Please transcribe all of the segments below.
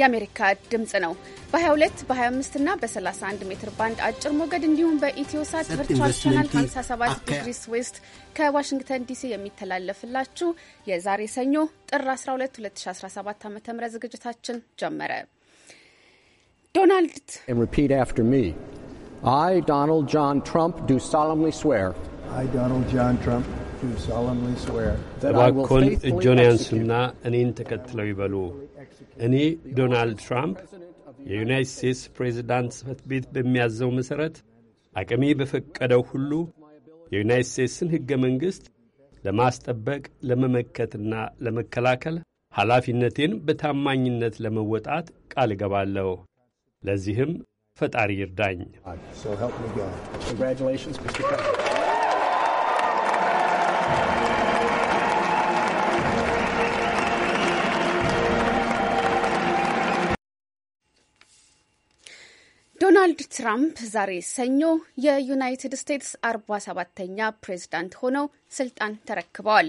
የአሜሪካ ድምፅ ነው። በ22 በ25 እና በ31 ሜትር ባንድ አጭር ሞገድ እንዲሁም በኢትዮሳት ቨርቹዋል ቻናል 57 ዲግሪስ ዌስት ከዋሽንግተን ዲሲ የሚተላለፍላችሁ የዛሬ ሰኞ ጥር 12 2017 ዓ ም ዝግጅታችን ጀመረ። ዶናልድ I, Donald John Trump, do solemnly swear. I, Donald John Trump, do እጆን ያንሱና እኔን ተከትለው ይበሉ እኔ ዶናልድ ትራምፕ የዩናይት ስቴትስ ፕሬዚዳንት ጽሕፈት ቤት በሚያዘው መሠረት አቅሜ በፈቀደው ሁሉ የዩናይት ስቴትስን ሕገ መንግሥት ለማስጠበቅ ለመመከትና ለመከላከል ኃላፊነቴን በታማኝነት ለመወጣት ቃል እገባለሁ። ለዚህም ፈጣሪ ይርዳኝ። ዶናልድ ትራምፕ ዛሬ ሰኞ የዩናይትድ ስቴትስ አርባ ሰባተኛ ፕሬዝዳንት ሆነው ስልጣን ተረክበዋል።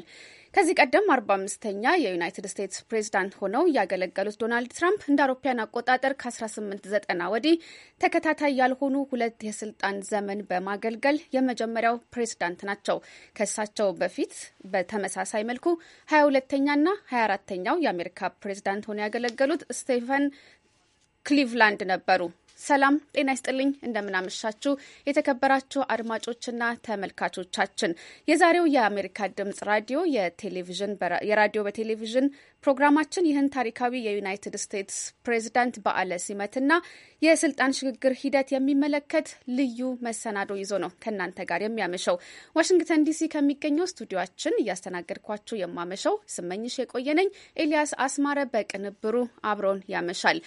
ከዚህ ቀደም አርባ አምስተኛ የዩናይትድ ስቴትስ ፕሬዝዳንት ሆነው ያገለገሉት ዶናልድ ትራምፕ እንደ አውሮፓውያን አቆጣጠር ከ1890 ወዲህ ተከታታይ ያልሆኑ ሁለት የስልጣን ዘመን በማገልገል የመጀመሪያው ፕሬዝዳንት ናቸው። ከእሳቸው በፊት በተመሳሳይ መልኩ 22ተኛና 24ተኛው የአሜሪካ ፕሬዝዳንት ሆነው ያገለገሉት ስቴፈን ክሊቭላንድ ነበሩ። ሰላም ጤና ይስጥልኝ። እንደምናመሻችሁ የተከበራችሁ አድማጮችና ተመልካቾቻችን የዛሬው የአሜሪካ ድምጽ ራዲዮ የራዲዮ በቴሌቪዥን ፕሮግራማችን ይህን ታሪካዊ የዩናይትድ ስቴትስ ፕሬዚዳንት በዓለ ሲመትና የስልጣን ሽግግር ሂደት የሚመለከት ልዩ መሰናዶ ይዞ ነው ከእናንተ ጋር የሚያመሸው። ዋሽንግተን ዲሲ ከሚገኘው ስቱዲዮችን እያስተናገድኳችሁ የማመሸው ስመኝሽ የቆየነኝ። ኤልያስ አስማረ በቅንብሩ አብሮን ያመሻል።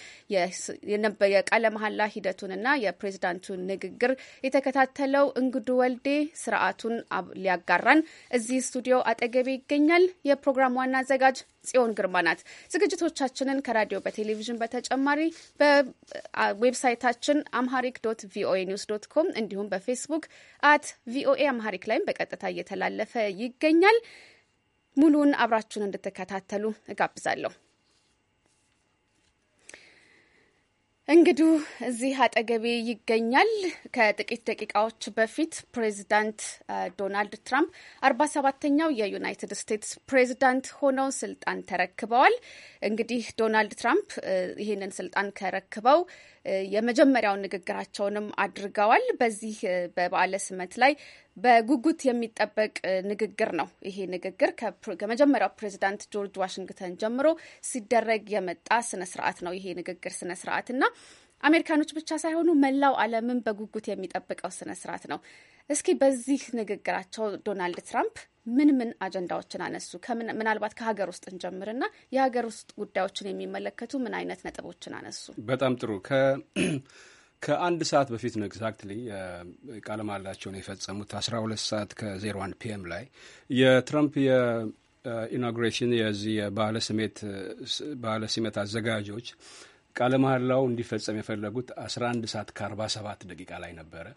የቃለ መሐላ ሂደቱንና የፕሬዚዳንቱን ንግግር የተከታተለው እንግዱ ወልዴ ስርዓቱን ሊያጋራን እዚህ ስቱዲዮ አጠገቤ ይገኛል። የፕሮግራም ዋና አዘጋጅ ጽዮን ግርማ ናት። ዝግጅቶቻችንን ከራዲዮ በቴሌቪዥን በተጨማሪ በዌብሳይታችን አምሃሪክ ዶት ቪኦኤ ኒውስ ዶት ኮም እንዲሁም በፌስቡክ አት ቪኦኤ አምሃሪክ ላይም በቀጥታ እየተላለፈ ይገኛል። ሙሉውን አብራችሁን እንድትከታተሉ እጋብዛለሁ። እንግዱ እዚህ አጠገቤ ይገኛል። ከጥቂት ደቂቃዎች በፊት ፕሬዚዳንት ዶናልድ ትራምፕ አርባ ሰባተኛው የዩናይትድ ስቴትስ ፕሬዚዳንት ሆነው ስልጣን ተረክበዋል። እንግዲህ ዶናልድ ትራምፕ ይህንን ስልጣን ከረክበው የመጀመሪያውን ንግግራቸውንም አድርገዋል። በዚህ በበዓለ ስመት ላይ በጉጉት የሚጠበቅ ንግግር ነው። ይሄ ንግግር ከመጀመሪያው ፕሬዚዳንት ጆርጅ ዋሽንግተን ጀምሮ ሲደረግ የመጣ ስነስርዓት ነው። ይሄ ንግግር ስነስርዓት እና አሜሪካኖች ብቻ ሳይሆኑ መላው ዓለምን በጉጉት የሚጠብቀው ስነስርዓት ነው። እስኪ በዚህ ንግግራቸው ዶናልድ ትራምፕ ምን ምን አጀንዳዎችን አነሱ? ምናልባት ከሀገር ውስጥ እንጀምርና የሀገር ውስጥ ጉዳዮችን የሚመለከቱ ምን አይነት ነጥቦችን አነሱ? በጣም ጥሩ ከአንድ ሰዓት በፊት ነው ኤግዛክትሊ ቃለ መሃላቸውን የፈጸሙት 12 ሰዓት ከ01 ፒኤም ላይ የትራምፕ የኢናጉሬሽን የዚህ የባህለ ሲመት አዘጋጆች ቃለ መሐላው እንዲፈጸም የፈለጉት 11 ሰዓት ከ47 ደቂቃ ላይ ነበረ።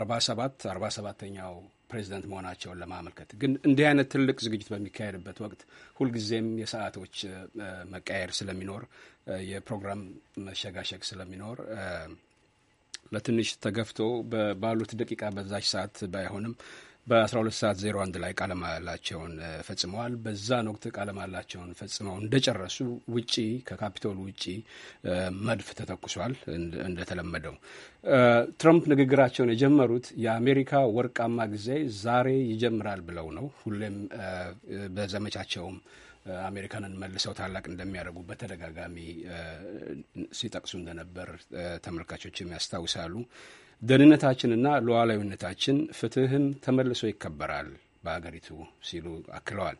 47 47ኛው ፕሬዚደንት መሆናቸውን ለማመልከት ግን እንዲህ አይነት ትልቅ ዝግጅት በሚካሄድበት ወቅት ሁልጊዜም የሰዓቶች መቀያየር ስለሚኖር የፕሮግራም መሸጋሸግ ስለሚኖር ለትንሽ ተገፍቶ ባሉት ደቂቃ በዛች ሰዓት ባይሆንም በ12 ሰዓት 01 ላይ ቃለ ማላቸውን ፈጽመዋል። በዛን ወቅት ቃለ ፈጽመው እንደጨረሱ ውጪ ከካፒቶል ውጪ መድፍ ተተኩሷል። እንደተለመደው ትረምፕ ንግግራቸውን የጀመሩት የአሜሪካ ወርቃማ ጊዜ ዛሬ ይጀምራል ብለው ነው። ሁሌም በዘመቻቸውም አሜሪካንን መልሰው ታላቅ እንደሚያደርጉ በተደጋጋሚ ሲጠቅሱ እንደነበር ተመልካቾችም ያስታውሳሉ። ደህንነታችንና ሉዓላዊነታችን፣ ፍትህም ተመልሶ ይከበራል በሀገሪቱ ሲሉ አክለዋል።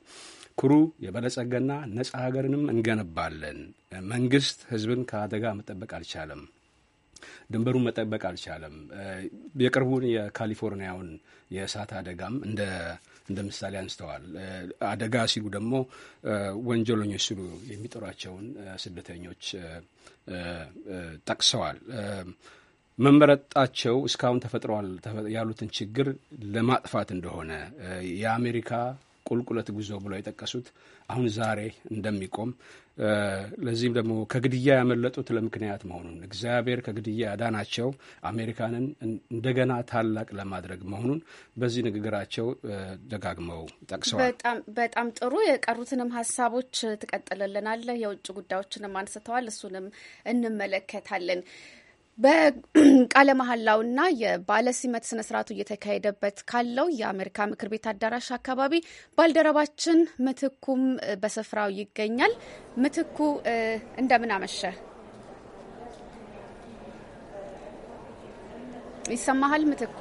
ኩሩ የበለጸገና ነጻ ሀገርንም እንገነባለን። መንግስት ህዝብን ከአደጋ መጠበቅ አልቻለም። ድንበሩን መጠበቅ አልቻለም። የቅርቡን የካሊፎርኒያውን የእሳት አደጋም እንደ እንደ ምሳሌ አንስተዋል። አደጋ ሲሉ ደግሞ ወንጀለኞች ሲሉ የሚጠሯቸውን ስደተኞች ጠቅሰዋል። መመረጣቸው እስካሁን ተፈጥረዋል ያሉትን ችግር ለማጥፋት እንደሆነ የአሜሪካ ቁልቁለት ጉዞ ብለው የጠቀሱት አሁን ዛሬ እንደሚቆም ለዚህም ደግሞ ከግድያ ያመለጡት ለምክንያት መሆኑን እግዚአብሔር ከግድያ ያዳናቸው አሜሪካንን እንደገና ታላቅ ለማድረግ መሆኑን በዚህ ንግግራቸው ደጋግመው ጠቅሰዋል። በጣም ጥሩ። የቀሩትንም ሀሳቦች ትቀጥልልናለህ። የውጭ ጉዳዮችንም አንስተዋል። እሱንም እንመለከታለን። በቃለ መሐላውና የበዓለ ሲመት ስነ እየተካሄደበት ካለው የአሜሪካ ምክር ቤት አዳራሽ አካባቢ ባልደረባችን ምትኩም በስፍራው ይገኛል። ምትኩ እንደምን አመሸ? ይሰማሃል ምትኩ?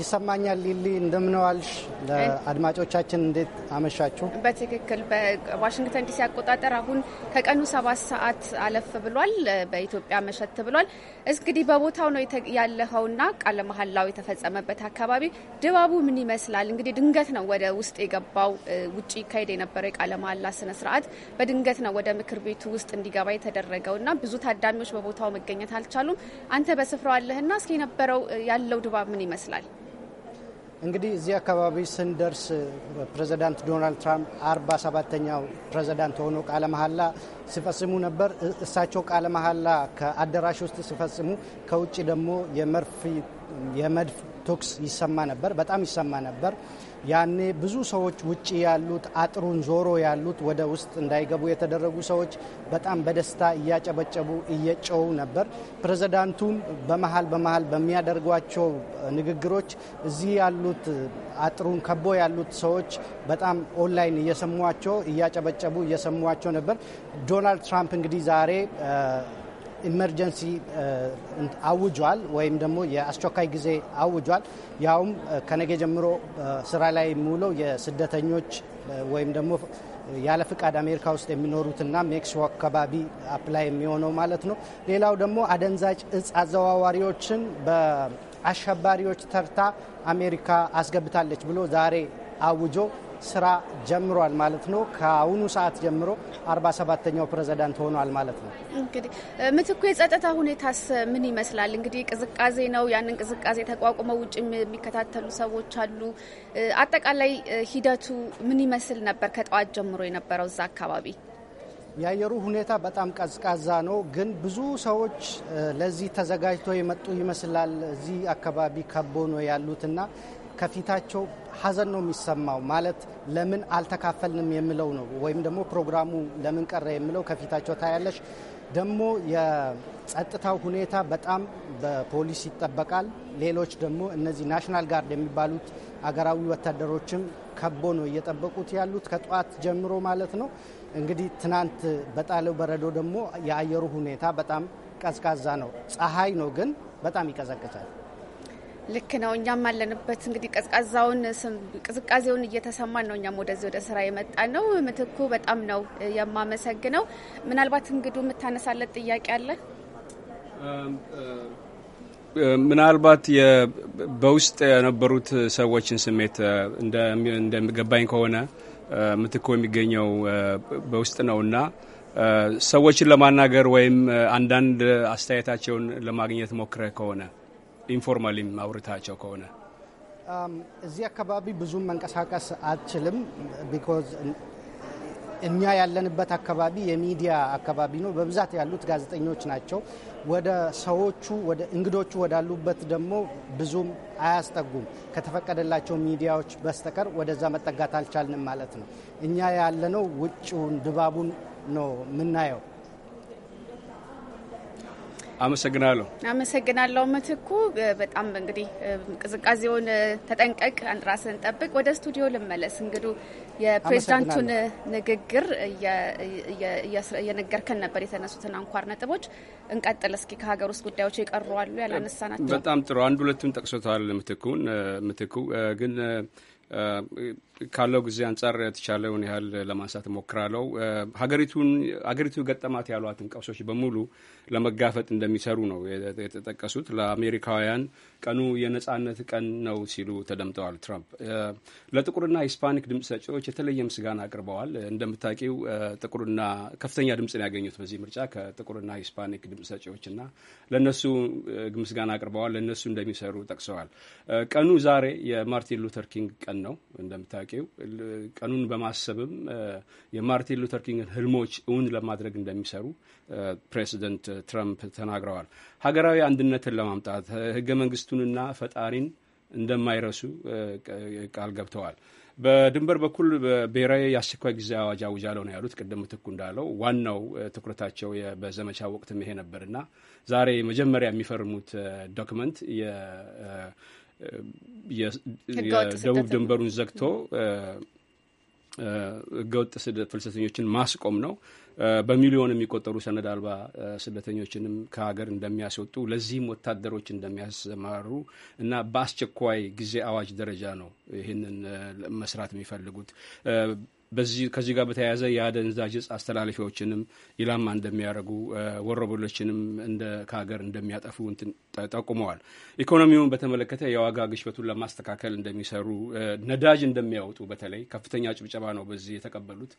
ይሰማኛል ሊሊ፣ እንደምንዋልሽ። ለአድማጮቻችን እንዴት አመሻችሁ? በትክክል በዋሽንግተን ዲሲ አቆጣጠር አሁን ከቀኑ ሰባት ሰዓት አለፍ ብሏል፣ በኢትዮጵያ መሸት ብሏል። እንግዲህ በቦታው ነው ያለኸውና ቃለ መሀላው የተፈጸመበት አካባቢ ድባቡ ምን ይመስላል? እንግዲህ ድንገት ነው ወደ ውስጥ የገባው። ውጭ ይካሄድ የነበረው የቃለ መሀላ ስነ ስርዓት በድንገት ነው ወደ ምክር ቤቱ ውስጥ እንዲገባ የተደረገውና ብዙ ታዳሚዎች በቦታው መገኘት አልቻሉም። አንተ በስፍራው አለህና እስኪ የነበረው ያለው ድባብ ምን ይመስላል? እንግዲህ እዚህ አካባቢ ስንደርስ ፕሬዚዳንት ዶናልድ ትራምፕ አርባ ሰባተኛው ፕሬዚዳንት ሆኖ ቃለ መሀላ ሲፈጽሙ ነበር። እሳቸው ቃለ መሀላ ከአዳራሽ ውስጥ ሲፈጽሙ፣ ከውጭ ደግሞ የመድፍ ቶክስ ይሰማ ነበር፣ በጣም ይሰማ ነበር። ያኔ ብዙ ሰዎች ውጭ ያሉት አጥሩን ዞሮ ያሉት ወደ ውስጥ እንዳይገቡ የተደረጉ ሰዎች በጣም በደስታ እያጨበጨቡ እየጮው ነበር። ፕሬዝዳንቱም በመሀል በመሀል በሚያደርጓቸው ንግግሮች እዚህ ያሉት አጥሩን ከቦ ያሉት ሰዎች በጣም ኦንላይን እየሰሟቸው እያጨበጨቡ እየሰሟቸው ነበር። ዶናልድ ትራምፕ እንግዲህ ዛሬ ኢመርጀንሲ አውጇል ወይም ደግሞ የአስቸኳይ ጊዜ አውጇል። ያውም ከነገ ጀምሮ ስራ ላይ የሚውለው የስደተኞች ወይም ደግሞ ያለ ፍቃድ አሜሪካ ውስጥ የሚኖሩትና ሜክሲኮ አካባቢ አፕላይ የሚሆነው ማለት ነው። ሌላው ደግሞ አደንዛጭ እጽ አዘዋዋሪዎችን በአሸባሪዎች ተርታ አሜሪካ አስገብታለች ብሎ ዛሬ አውጆ ስራ ጀምሯል ማለት ነው። ከአሁኑ ሰዓት ጀምሮ 47ኛው ፕሬዚዳንት ሆኗል ማለት ነው። እንግዲህ ምትኩ የጸጥታ ሁኔታስ ምን ይመስላል? እንግዲህ ቅዝቃዜ ነው። ያንን ቅዝቃዜ ተቋቁመው ውጭ የሚከታተሉ ሰዎች አሉ። አጠቃላይ ሂደቱ ምን ይመስል ነበር? ከጠዋት ጀምሮ የነበረው እዛ አካባቢ የአየሩ ሁኔታ በጣም ቀዝቃዛ ነው። ግን ብዙ ሰዎች ለዚህ ተዘጋጅተው የመጡ ይመስላል። እዚህ አካባቢ ከቦ ነው ያሉትና ከፊታቸው ሀዘን ነው የሚሰማው። ማለት ለምን አልተካፈልንም የሚለው ነው፣ ወይም ደግሞ ፕሮግራሙ ለምን ቀረ የሚለው ከፊታቸው ታያለሽ። ደግሞ የጸጥታው ሁኔታ በጣም በፖሊስ ይጠበቃል። ሌሎች ደግሞ እነዚህ ናሽናል ጋርድ የሚባሉት አገራዊ ወታደሮችም ከቦ ነው እየጠበቁት ያሉት ከጠዋት ጀምሮ ማለት ነው። እንግዲህ ትናንት በጣለው በረዶ ደግሞ የአየሩ ሁኔታ በጣም ቀዝቃዛ ነው። ፀሐይ ነው ግን በጣም ይቀዘቅዛል። ልክ ነው። እኛም አለንበት እንግዲህ ቀዝቃዛውን ቅዝቃዜውን እየተሰማን ነው። እኛም ወደዚህ ወደ ስራ የመጣ ነው። ምትኩ በጣም ነው የማመሰግነው። ምናልባት እንግዱ የምታነሳለት ጥያቄ አለ። ምናልባት በውስጥ የነበሩት ሰዎችን ስሜት እንደሚገባኝ ከሆነ ምትኩ የሚገኘው በውስጥ ነው እና ሰዎችን ለማናገር ወይም አንዳንድ አስተያየታቸውን ለማግኘት ሞክረህ ከሆነ ኢንፎርማሊም አውርታቸው ከሆነ um, እዚህ አካባቢ ብዙም መንቀሳቀስ አትችልም። ቢኮዝ እኛ ያለንበት አካባቢ የሚዲያ አካባቢ ነው። በብዛት ያሉት ጋዜጠኞች ናቸው። ወደ ሰዎቹ ወደ እንግዶቹ ወዳሉበት ደግሞ ብዙም አያስጠጉም። ከተፈቀደላቸው ሚዲያዎች በስተቀር ወደዛ መጠጋት አልቻልንም ማለት ነው። እኛ ያለነው ውጭውን ድባቡን ነው የምናየው። አመሰግናለሁ። አመሰግናለሁ ምትኩ። በጣም እንግዲህ ቅዝቃዜውን ተጠንቀቅ፣ አንራስን ጠብቅ። ወደ ስቱዲዮ ልመለስ። እንግዱ የፕሬዚዳንቱን ንግግር እየነገርከን ነበር፣ የተነሱትን አንኳር ነጥቦች እንቀጥል እስኪ። ከሀገር ውስጥ ጉዳዮች የቀሩ አሉ ያላነሳ ናቸው። በጣም ጥሩ። አንድ ሁለቱን ጠቅሶታል ምትኩን ምትኩ ግን ካለው ጊዜ አንጻር የተቻለውን ያህል ለማንሳት ሞክራለው። ሀገሪቱን ሀገሪቱ ገጠማት ያሏትን ቀውሶች በሙሉ ለመጋፈጥ እንደሚሰሩ ነው የተጠቀሱት። ለአሜሪካውያን ቀኑ የነጻነት ቀን ነው ሲሉ ተደምጠዋል ትራምፕ። ለጥቁርና ሂስፓኒክ ድምፅ ሰጪዎች የተለየ ምስጋና አቅርበዋል። እንደምታውቂው ጥቁርና ከፍተኛ ድምፅን ያገኙት በዚህ ምርጫ ከጥቁርና ሂስፓኒክ ድምፅ ሰጪዎች እና ለእነሱ ምስጋና አቅርበዋል። ለእነሱ እንደሚሰሩ ጠቅሰዋል። ቀኑ ዛሬ የማርቲን ሉተር ኪንግ ቀን ነው እንደምታ ጥያቄው ቀኑን በማሰብም የማርቲን ሉተር ኪንግን ህልሞች እውን ለማድረግ እንደሚሰሩ ፕሬዚደንት ትራምፕ ተናግረዋል። ሀገራዊ አንድነትን ለማምጣት ህገ መንግስቱንና ፈጣሪን እንደማይረሱ ቃል ገብተዋል። በድንበር በኩል ብሔራዊ የአስቸኳይ ጊዜ አዋጅ አውጃለሁ ነው ያሉት። ቅድም ትኩ እንዳለው ዋናው ትኩረታቸው በዘመቻ ወቅትም ይሄ ነበርና ዛሬ መጀመሪያ የሚፈርሙት ዶክመንት የደቡብ ድንበሩን ዘግቶ ህገወጥ ፍልሰተኞችን ማስቆም ነው። በሚሊዮን የሚቆጠሩ ሰነድ አልባ ስደተኞችንም ከሀገር እንደሚያስወጡ ለዚህም ወታደሮች እንደሚያሰማሩ እና በአስቸኳይ ጊዜ አዋጅ ደረጃ ነው ይህንን መስራት የሚፈልጉት። ከዚህ ጋር በተያያዘ የአደንዛዥ እጽ አስተላለፊዎችንም ኢላማ እንደሚያደርጉ ወሮበሎችንም ከሀገር እንደሚያጠፉ ጠቁመዋል። ኢኮኖሚውን በተመለከተ የዋጋ ግሽበቱን ለማስተካከል እንደሚሰሩ፣ ነዳጅ እንደሚያወጡ በተለይ ከፍተኛ ጭብጨባ ነው በዚህ የተቀበሉት።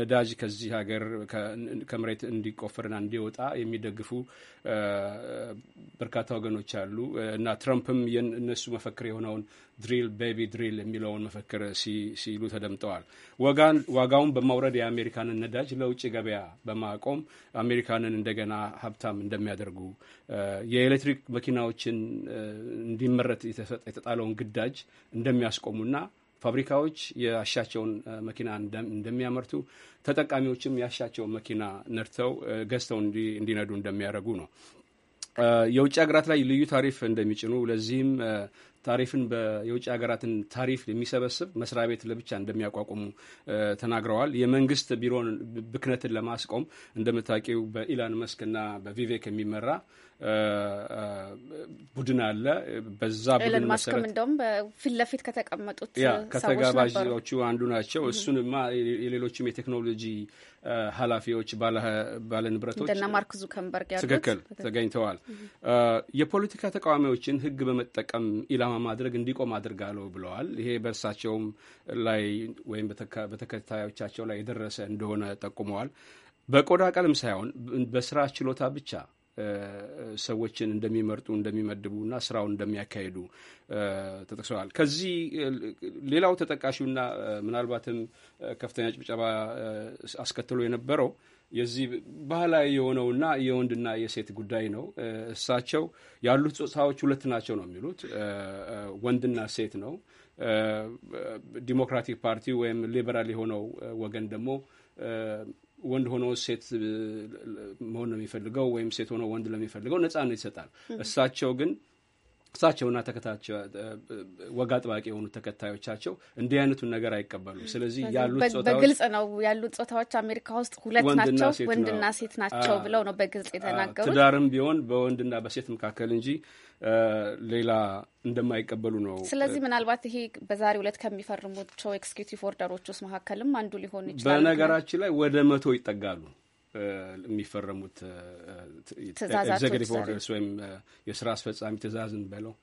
ነዳጅ ከዚህ ሀገር ከመሬት እንዲቆፈርና እንዲወጣ የሚደግፉ በርካታ ወገኖች አሉ እና ትረምፕም የእነሱ መፈክር የሆነውን ድሪል ቤቢ ድሪል የሚለውን መፈክር ሲሉ ተደምጠዋል። ዋጋውን በማውረድ የአሜሪካንን ነዳጅ ለውጭ ገበያ በማቆም አሜሪካንን እንደገና ሀብታም እንደሚያደርጉ፣ የኤሌክትሪክ መኪናዎችን እንዲመረት የተጣለውን ግዳጅ እንደሚያስቆሙና ፋብሪካዎች የአሻቸውን መኪና እንደሚያመርቱ ተጠቃሚዎችም የአሻቸውን መኪና ነድተው ገዝተው እንዲነዱ እንደሚያደርጉ ነው። የውጭ ሀገራት ላይ ልዩ ታሪፍ እንደሚጭኑ ለዚህም ታሪፍን የውጭ ሀገራትን ታሪፍ የሚሰበስብ መስሪያ ቤት ለብቻ እንደሚያቋቁሙ ተናግረዋል። የመንግስት ቢሮን ብክነትን ለማስቆም እንደምታውቂው በኢላን መስክና በቪቬክ የሚመራ ቡድን አለ። በዛ ቡድን መሰረት እንደውም ፊት ለፊት ከተቀመጡት ከተጋባዦቹ አንዱ ናቸው። እሱንማ የሌሎችም የቴክኖሎጂ ኃላፊዎች ባለ ንብረቶች እንደ ማርክ ዙከንበርግ ያሉት ትክክል ተገኝተዋል። የፖለቲካ ተቃዋሚዎችን ሕግ በመጠቀም ኢላማ ማድረግ እንዲቆም አድርጋለሁ ብለዋል። ይሄ በእርሳቸውም ላይ ወይም በተከታዮቻቸው ላይ የደረሰ እንደሆነ ጠቁመዋል። በቆዳ ቀለም ሳይሆን በስራ ችሎታ ብቻ ሰዎችን እንደሚመርጡ እንደሚመድቡ ና ስራውን እንደሚያካሂዱ ተጠቅሰዋል። ከዚህ ሌላው ተጠቃሽና ምናልባትም ከፍተኛ ጭብጨባ አስከትሎ የነበረው የዚህ ባህላዊ የሆነውና የወንድና የሴት ጉዳይ ነው። እሳቸው ያሉት ጾታዎች ሁለት ናቸው ነው የሚሉት ወንድና ሴት ነው። ዲሞክራቲክ ፓርቲ ወይም ሊበራል የሆነው ወገን ደግሞ ወንድ ሆኖ ሴት መሆን ለሚፈልገው ወይም ሴት ሆኖ ወንድ ለሚፈልገው ነጻነት ይሰጣል። እሳቸው ግን እሳቸውና ተከታቸው ወግ አጥባቂ የሆኑት ተከታዮቻቸው እንዲህ አይነቱን ነገር አይቀበሉ። ስለዚህ ያሉት በግልጽ ነው ያሉት ጾታዎች አሜሪካ ውስጥ ሁለት ናቸው፣ ወንድና ሴት ናቸው ብለው ነው በግልጽ የተናገሩት። ትዳርም ቢሆን በወንድና በሴት መካከል እንጂ ሌላ እንደማይቀበሉ ነው። ስለዚህ ምናልባት ይሄ በዛሬ ሁለት ከሚፈርሙቸው ኤክስኪዩቲቭ ኦርደሮች ውስጥ መካከልም አንዱ ሊሆን ይችላል። በነገራችን ላይ ወደ መቶ ይጠጋሉ። የሚፈረሙት ኤግዜክቲቭ ኦርደርስ ወይም የስራ አስፈጻሚ ትእዛዝን በለው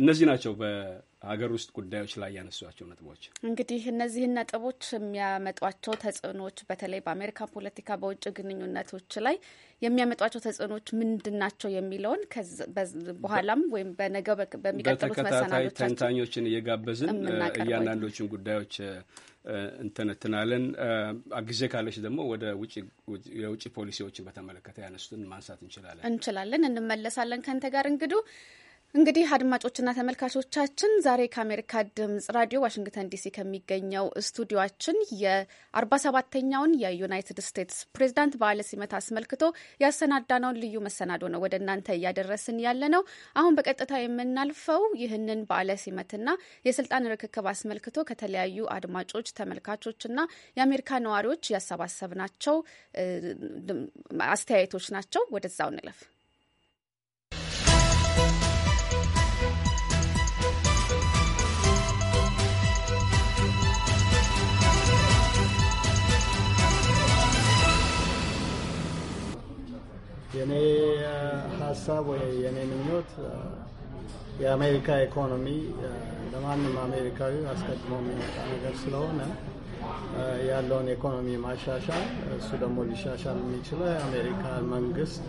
እነዚህ ናቸው በሀገር ውስጥ ጉዳዮች ላይ ያነሷቸው ነጥቦች። እንግዲህ እነዚህን ነጥቦች የሚያመጧቸው ተጽዕኖዎች በተለይ በአሜሪካ ፖለቲካ፣ በውጭ ግንኙነቶች ላይ የሚያመጧቸው ተጽዕኖዎች ምንድን ናቸው የሚለውን በኋላም ወይም በነገው በሚቀጥሉት መሰናዶች ተንታኞችን እየጋበዝን እያንዳንዶችን ጉዳዮች እንተነትናለን። ጊዜ ካለች ደግሞ ወደ የውጭ ፖሊሲዎችን በተመለከተ ያነሱትን ማንሳት እንችላለን እንችላለን እንመለሳለን ከንተ ጋር እንግዱ እንግዲህ አድማጮችና ተመልካቾቻችን ዛሬ ከአሜሪካ ድምጽ ራዲዮ ዋሽንግተን ዲሲ ከሚገኘው ስቱዲዮችን የአርባ ሰባተኛውን የዩናይትድ ስቴትስ ፕሬዚዳንት በዓለ ሲመት አስመልክቶ ያሰናዳነውን ልዩ መሰናዶ ነው ወደ እናንተ እያደረስን ያለ ነው። አሁን በቀጥታ የምናልፈው ይህንን በዓለ ሲመትና የስልጣን ርክክብ አስመልክቶ ከተለያዩ አድማጮች፣ ተመልካቾችና የአሜሪካ ነዋሪዎች ያሰባሰብናቸው አስተያየቶች ናቸው። ወደዛው እንለፍ። ሀሳብ ወይ የኔ ምኞት የአሜሪካ ኢኮኖሚ ለማንም አሜሪካዊ አስቀድሞ የሚመጣ ነገር ስለሆነ ያለውን ኢኮኖሚ ማሻሻል፣ እሱ ደግሞ ሊሻሻል የሚችለው የአሜሪካ መንግስት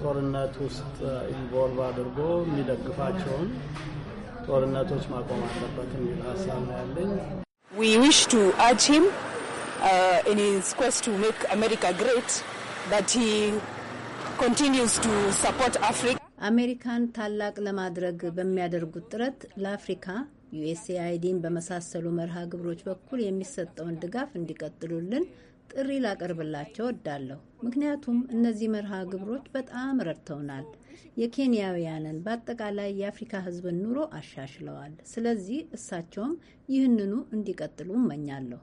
ጦርነት ውስጥ ኢንቮልቭ አድርጎ የሚደግፋቸውን ጦርነቶች ማቆም አለበት የሚል ሀሳብ ነው ያለኝ። We wish to urge him uh, in his quest to make America great but he አሜሪካን ታላቅ ለማድረግ በሚያደርጉት ጥረት ለአፍሪካ ዩኤስኤአይዲን በመሳሰሉ መርሃ ግብሮች በኩል የሚሰጠውን ድጋፍ እንዲቀጥሉልን ጥሪ ላቀርብላቸው ወዳለሁ። ምክንያቱም እነዚህ መርሃ ግብሮች በጣም ረድተውናል። የኬንያውያንን በአጠቃላይ የአፍሪካ ሕዝብን ኑሮ አሻሽለዋል። ስለዚህ እሳቸውም ይህንኑ እንዲቀጥሉ እመኛለሁ።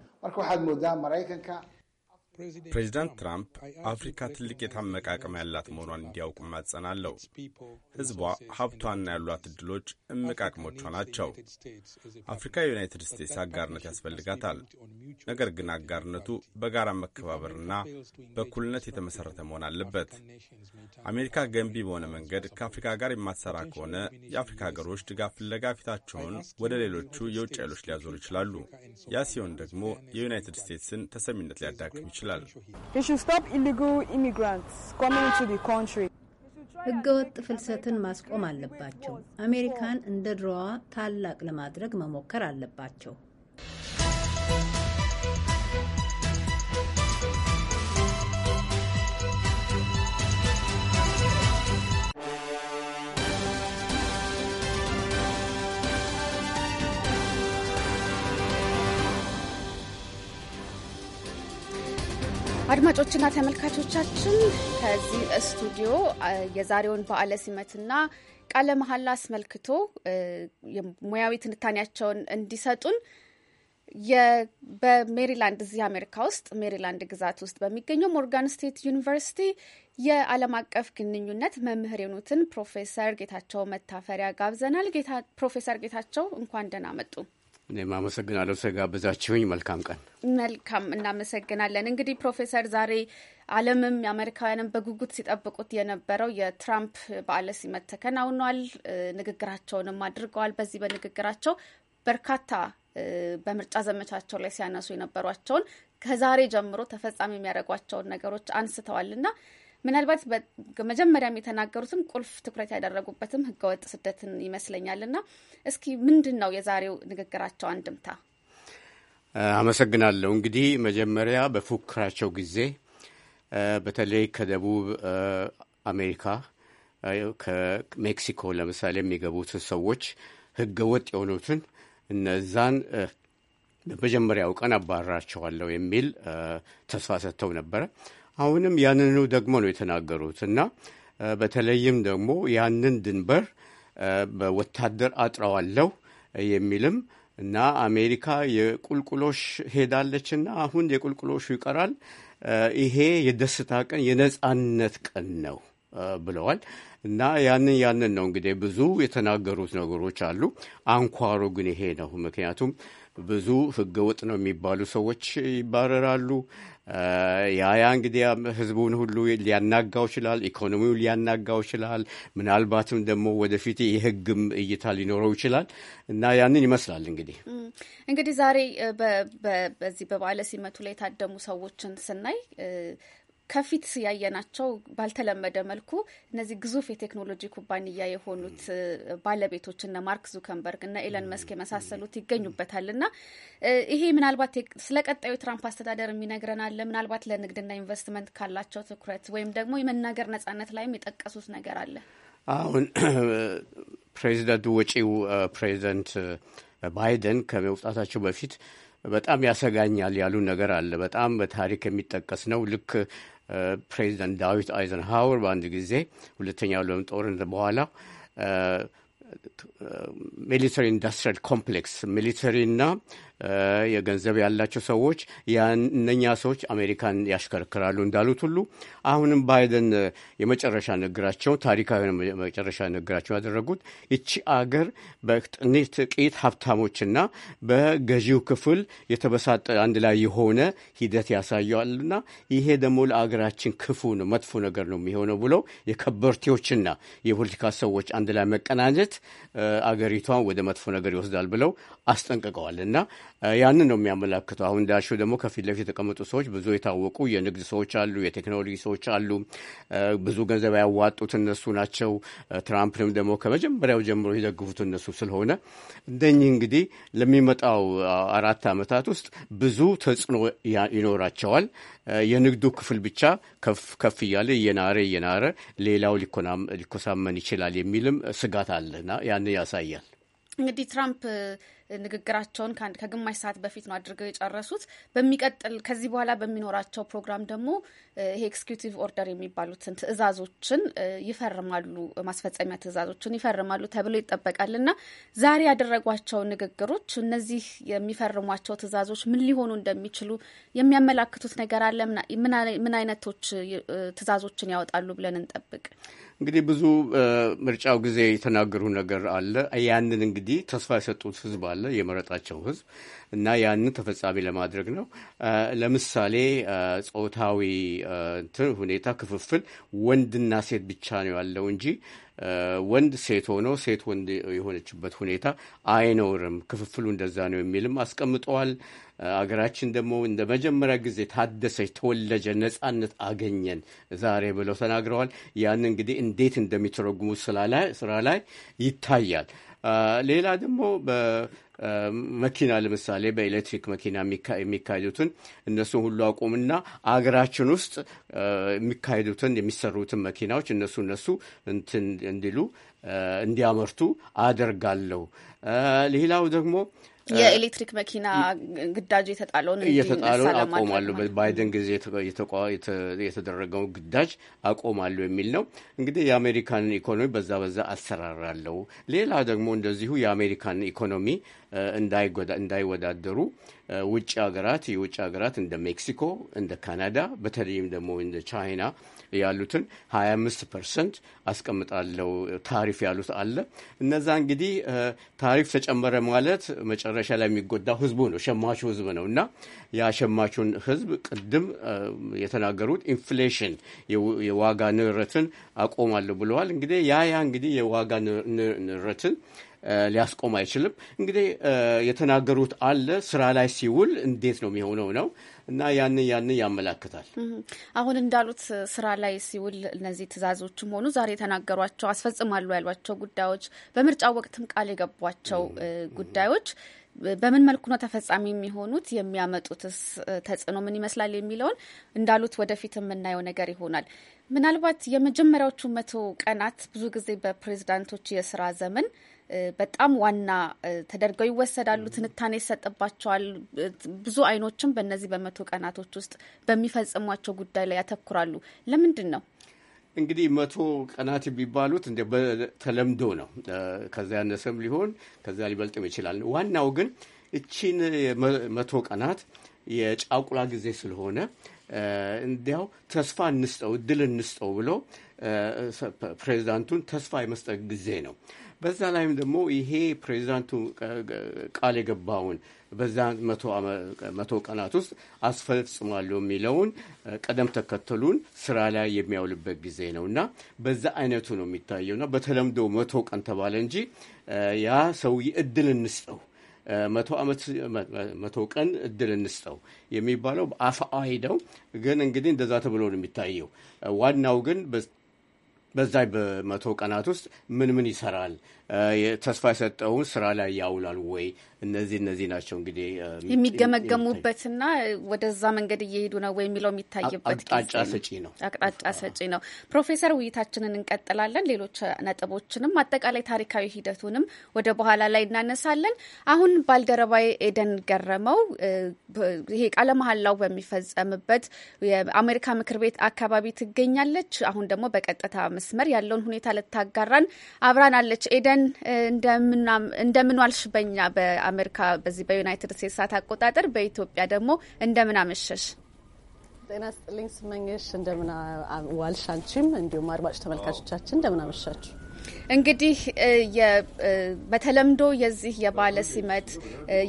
ፕሬዚዳንት ትራምፕ አፍሪካ ትልቅ የታመቀ አቅም ያላት መሆኗን እንዲያውቅ ማጸናለሁ። ሕዝቧ ሀብቷና ያሏት እድሎች እምቅ አቅሞቿ ናቸው። አፍሪካ የዩናይትድ ስቴትስ አጋርነት ያስፈልጋታል። ነገር ግን አጋርነቱ በጋራ መከባበርና በእኩልነት የተመሠረተ መሆን አለበት። አሜሪካ ገንቢ በሆነ መንገድ ከአፍሪካ ጋር የማትሰራ ከሆነ የአፍሪካ ሀገሮች ድጋፍ ፍለጋ ፊታቸውን ወደ ሌሎቹ የውጭ ኃይሎች ሊያዞሩ ይችላሉ። ያ ሲሆን ደግሞ የዩናይትድ ስቴትስን ተሰሚነት ሊያዳክም ይችላል። ይችላል። ህገወጥ ፍልሰትን ማስቆም አለባቸው። አሜሪካን እንደ ድሮዋ ታላቅ ለማድረግ መሞከር አለባቸው። አድማጮችና ተመልካቾቻችን ከዚህ ስቱዲዮ የዛሬውን በዓለ ሲመትና ቃለ መሀል አስመልክቶ ሙያዊ ትንታኔያቸውን እንዲሰጡን በሜሪላንድ እዚህ አሜሪካ ውስጥ ሜሪላንድ ግዛት ውስጥ በሚገኘው ሞርጋን ስቴት ዩኒቨርሲቲ የዓለም አቀፍ ግንኙነት መምህር የሆኑትን ፕሮፌሰር ጌታቸው መታፈሪያ ጋብዘናል። ፕሮፌሰር ጌታቸው እንኳን ደህና መጡ። እኔም አመሰግናለሁ ስለጋበዛችሁኝ። መልካም ቀን። መልካም እናመሰግናለን። እንግዲህ ፕሮፌሰር ዛሬ ዓለምም የአሜሪካውያንም በጉጉት ሲጠብቁት የነበረው የትራምፕ በዓለ ሲመት ተከናውኗል። ንግግራቸውንም አድርገዋል። በዚህ በንግግራቸው በርካታ በምርጫ ዘመቻቸው ላይ ሲያነሱ የነበሯቸውን ከዛሬ ጀምሮ ተፈጻሚ የሚያደርጓቸውን ነገሮች አንስተዋል እና ምናልባት መጀመሪያም የተናገሩትም ቁልፍ ትኩረት ያደረጉበትም ህገወጥ ስደትን ይመስለኛል እና እስኪ ምንድን ነው የዛሬው ንግግራቸው አንድምታ? አመሰግናለሁ። እንግዲህ መጀመሪያ በፉክራቸው ጊዜ በተለይ ከደቡብ አሜሪካ ከሜክሲኮ ለምሳሌ የሚገቡትን ሰዎች ህገወጥ የሆኑትን እነዛን በመጀመሪያው ቀን አባራቸዋለሁ የሚል ተስፋ ሰጥተው ነበረ። አሁንም ያንኑ ደግሞ ነው የተናገሩት እና በተለይም ደግሞ ያንን ድንበር በወታደር አጥረዋለሁ የሚልም እና አሜሪካ የቁልቁሎሽ ሄዳለች ና አሁን የቁልቁሎሹ ይቀራል። ይሄ የደስታ ቀን የነጻነት ቀን ነው ብለዋል። እና ያንን ያንን ነው እንግዲህ ብዙ የተናገሩት ነገሮች አሉ። አንኳሩ ግን ይሄ ነው። ምክንያቱም ብዙ ህገወጥ ነው የሚባሉ ሰዎች ይባረራሉ። ያ ያ እንግዲህ ህዝቡን ሁሉ ሊያናጋው ይችላል። ኢኮኖሚውን ሊያናጋው ይችላል። ምናልባትም ደግሞ ወደፊት የህግም እይታ ሊኖረው ይችላል እና ያንን ይመስላል እንግዲህ እንግዲህ ዛሬ በዚህ በባለ ሲመቱ ላይ የታደሙ ሰዎችን ስናይ ከፊት ያየናቸው ባልተለመደ መልኩ እነዚህ ግዙፍ የቴክኖሎጂ ኩባንያ የሆኑት ባለቤቶች እነ ማርክ ዙከንበርግ እና ኤለን መስክ የመሳሰሉት ይገኙበታል እና ይሄ ምናልባት ስለ ቀጣዩ ትራምፕ አስተዳደር የሚነግረን ምናልባት ለንግድና ኢንቨስትመንት ካላቸው ትኩረት ወይም ደግሞ የመናገር ነጻነት ላይም የጠቀሱት ነገር አለ። አሁን ፕሬዚደንቱ ውጪው ፕሬዚደንት ባይደን ከመውጣታቸው በፊት በጣም ያሰጋኛል ያሉ ነገር አለ። በጣም በታሪክ የሚጠቀስ ነው። ልክ ፕሬዚዳንት ዳዊት አይዘንሃወር በአንድ ጊዜ ሁለተኛው ዓለም ጦርነት በኋላ ሚሊተሪ ኢንዱስትሪያል ኮምፕሌክስ ሚሊተሪና የገንዘብ ያላቸው ሰዎች እነኛ ሰዎች አሜሪካን ያሽከረክራሉ እንዳሉት ሁሉ አሁንም ባይደን የመጨረሻ ንግግራቸውን ታሪካዊ መጨረሻ ንግራቸው ያደረጉት ይቺ አገር ጥቂት ሀብታሞችና በገዢው ክፍል የተበሳጠ አንድ ላይ የሆነ ሂደት ያሳየዋልና ይሄ ደግሞ ለአገራችን ክፉ ነው፣ መጥፎ ነገር ነው የሚሆነው ብለው የከበርቴዎችና የፖለቲካ ሰዎች አንድ ላይ መቀናጀት አገሪቷን ወደ መጥፎ ነገር ይወስዳል ብለው አስጠንቅቀዋል ያንን ነው የሚያመላክተው። አሁን እንዳልሽው ደግሞ ከፊት ለፊት የተቀመጡ ሰዎች ብዙ የታወቁ የንግድ ሰዎች አሉ፣ የቴክኖሎጂ ሰዎች አሉ። ብዙ ገንዘብ ያዋጡት እነሱ ናቸው። ትራምፕንም ደግሞ ከመጀመሪያው ጀምሮ የደግፉት እነሱ ስለሆነ እንደኚህ እንግዲህ ለሚመጣው አራት ዓመታት ውስጥ ብዙ ተጽዕኖ ይኖራቸዋል። የንግዱ ክፍል ብቻ ከፍ እያለ እየናረ እየናረ ሌላው ሊኮሳመን ይችላል የሚልም ስጋት አለና ያን ያሳያል። እንግዲህ ትራምፕ ንግግራቸውን ከግማሽ ሰዓት በፊት ነው አድርገው የጨረሱት። በሚቀጥል ከዚህ በኋላ በሚኖራቸው ፕሮግራም ደግሞ ይሄ ኤክስኪዩቲቭ ኦርደር የሚባሉትን ትዕዛዞችን ይፈርማሉ፣ ማስፈጸሚያ ትዕዛዞችን ይፈርማሉ ተብሎ ይጠበቃል እና ዛሬ ያደረጓቸው ንግግሮች እነዚህ የሚፈርሟቸው ትዕዛዞች ምን ሊሆኑ እንደሚችሉ የሚያመላክቱት ነገር አለ? ምን አይነቶች ትዕዛዞችን ያወጣሉ ብለን እንጠብቅ? እንግዲህ ብዙ ምርጫው ጊዜ የተናገሩ ነገር አለ። ያንን እንግዲህ ተስፋ የሰጡት ህዝብ አለ የመረጣቸው ህዝብ እና ያንን ተፈጻሚ ለማድረግ ነው። ለምሳሌ ጾታዊ እንትን ሁኔታ ክፍፍል ወንድና ሴት ብቻ ነው ያለው እንጂ ወንድ ሴት ሆኖ ሴት ወንድ የሆነችበት ሁኔታ አይኖርም። ክፍፍሉ እንደዛ ነው የሚልም አስቀምጠዋል። አገራችን ደግሞ እንደ መጀመሪያ ጊዜ ታደሰች፣ ተወለጀ፣ ነጻነት አገኘን ዛሬ ብለው ተናግረዋል። ያን እንግዲህ እንዴት እንደሚተረጉሙ ስራ ላይ ይታያል። ሌላ ደግሞ መኪና ለምሳሌ በኤሌክትሪክ መኪና የሚካሄዱትን እነሱን ሁሉ አቁምና አገራችን ውስጥ የሚካሄዱትን የሚሰሩትን መኪናዎች እነሱ እነሱ እንትን እንዲሉ እንዲያመርቱ አደርጋለሁ። ሌላው ደግሞ የኤሌክትሪክ መኪና ግዳጅ የተጣለውን እየተጣለውን አቆማሉ በባይደን ጊዜ የተደረገውን ግዳጅ አቆማሉ የሚል ነው። እንግዲህ የአሜሪካንን ኢኮኖሚ በዛ በዛ አሰራራለው። ሌላ ደግሞ እንደዚሁ የአሜሪካን ኢኮኖሚ እንዳይወዳደሩ ውጭ ሀገራት የውጭ ሀገራት እንደ ሜክሲኮ፣ እንደ ካናዳ በተለይም ደግሞ እንደ ቻይና ያሉትን 25 ፐርሰንት አስቀምጣለው ታሪፍ ያሉት አለ። እነዛ እንግዲህ ታሪፍ ተጨመረ ማለት መጨረሻ ላይ የሚጎዳው ህዝቡ ነው፣ ሸማቹ ህዝብ ነው እና ያ ሸማቹን ህዝብ ቅድም የተናገሩት ኢንፍሌሽን የዋጋ ንረትን አቆማለሁ ብለዋል። እንግዲህ ያ ያ እንግዲህ የዋጋ ንረትን ሊያስቆም አይችልም። እንግዲህ የተናገሩት አለ ስራ ላይ ሲውል እንዴት ነው የሚሆነው ነው እና ያን ያንን ያመላክታል። አሁን እንዳሉት ስራ ላይ ሲውል እነዚህ ትዕዛዞችም ሆኑ ዛሬ የተናገሯቸው አስፈጽማሉ ያሏቸው ጉዳዮች በምርጫ ወቅትም ቃል የገቧቸው ጉዳዮች በምን መልኩ ነው ተፈጻሚ የሚሆኑት? የሚያመጡትስ ተጽዕኖ ምን ይመስላል? የሚለውን እንዳሉት ወደፊት የምናየው ነገር ይሆናል። ምናልባት የመጀመሪያዎቹ መቶ ቀናት ብዙ ጊዜ በፕሬዝዳንቶች የስራ ዘመን በጣም ዋና ተደርገው ይወሰዳሉ። ትንታኔ ይሰጥባቸዋል። ብዙ አይኖችም በእነዚህ በመቶ ቀናቶች ውስጥ በሚፈጽሟቸው ጉዳይ ላይ ያተኩራሉ። ለምንድን ነው እንግዲህ መቶ ቀናት የሚባሉት እንደ በተለምዶ ነው። ከዛ ያነሰም ሊሆን ከዚያ ሊበልጥም ይችላል። ዋናው ግን እቺን መቶ ቀናት የጫቁላ ጊዜ ስለሆነ እንዲያው ተስፋ እንስጠው፣ እድል እንስጠው ብሎ ፕሬዚዳንቱን ተስፋ የመስጠት ጊዜ ነው። በዛ ላይም ደግሞ ይሄ ፕሬዚዳንቱ ቃል የገባውን በዛ መቶ ቀናት ውስጥ አስፈጽማለሁ የሚለውን ቀደም ተከተሉን ስራ ላይ የሚያውልበት ጊዜ ነው እና በዛ አይነቱ ነው የሚታየው እና በተለምዶ መቶ ቀን ተባለ እንጂ ያ ሰውዬ እድል እንስጠው መቶ ዓመት መቶ ቀን እድል እንስጠው የሚባለው በአፍ አይደው ግን እንግዲህ እንደዛ ተብሎ ነው የሚታየው። ዋናው ግን በዛ በመቶ ቀናት ውስጥ ምን ምን ይሰራል? ተስፋ የሰጠውን ስራ ላይ ያውላል ወይ? እነዚህ እነዚህ ናቸው እንግዲህ የሚገመገሙበትና ወደዛ መንገድ እየሄዱ ነው ወይ የሚለው የሚታይበት አቅጣጫ ሰጪ ነው አቅጣጫ ሰጪ ነው። ፕሮፌሰር ውይይታችንን እንቀጥላለን። ሌሎች ነጥቦችንም አጠቃላይ ታሪካዊ ሂደቱንም ወደ በኋላ ላይ እናነሳለን። አሁን ባልደረባዊ ኤደን ገረመው ይሄ ቃለ በሚፈጸምበት የአሜሪካ ምክር ቤት አካባቢ ትገኛለች። አሁን ደግሞ በቀጥታ መስመር ያለውን ሁኔታ ልታጋራን አብራናለች ኤደን ኤደን እንደምን ዋልሽ? በኛ በአሜሪካ በዚህ በዩናይትድ ስቴትስ ሰዓት አቆጣጠር፣ በኢትዮጵያ ደግሞ እንደምን አመሸሽ? ጤና ስጥልኝ ስመኝሽ፣ እንደምን ዋልሽ አንቺም፣ እንዲሁም አድማጭ ተመልካቾቻችን እንደምን አመሻችሁ። እንግዲህ በተለምዶ የዚህ የባለ ሲመት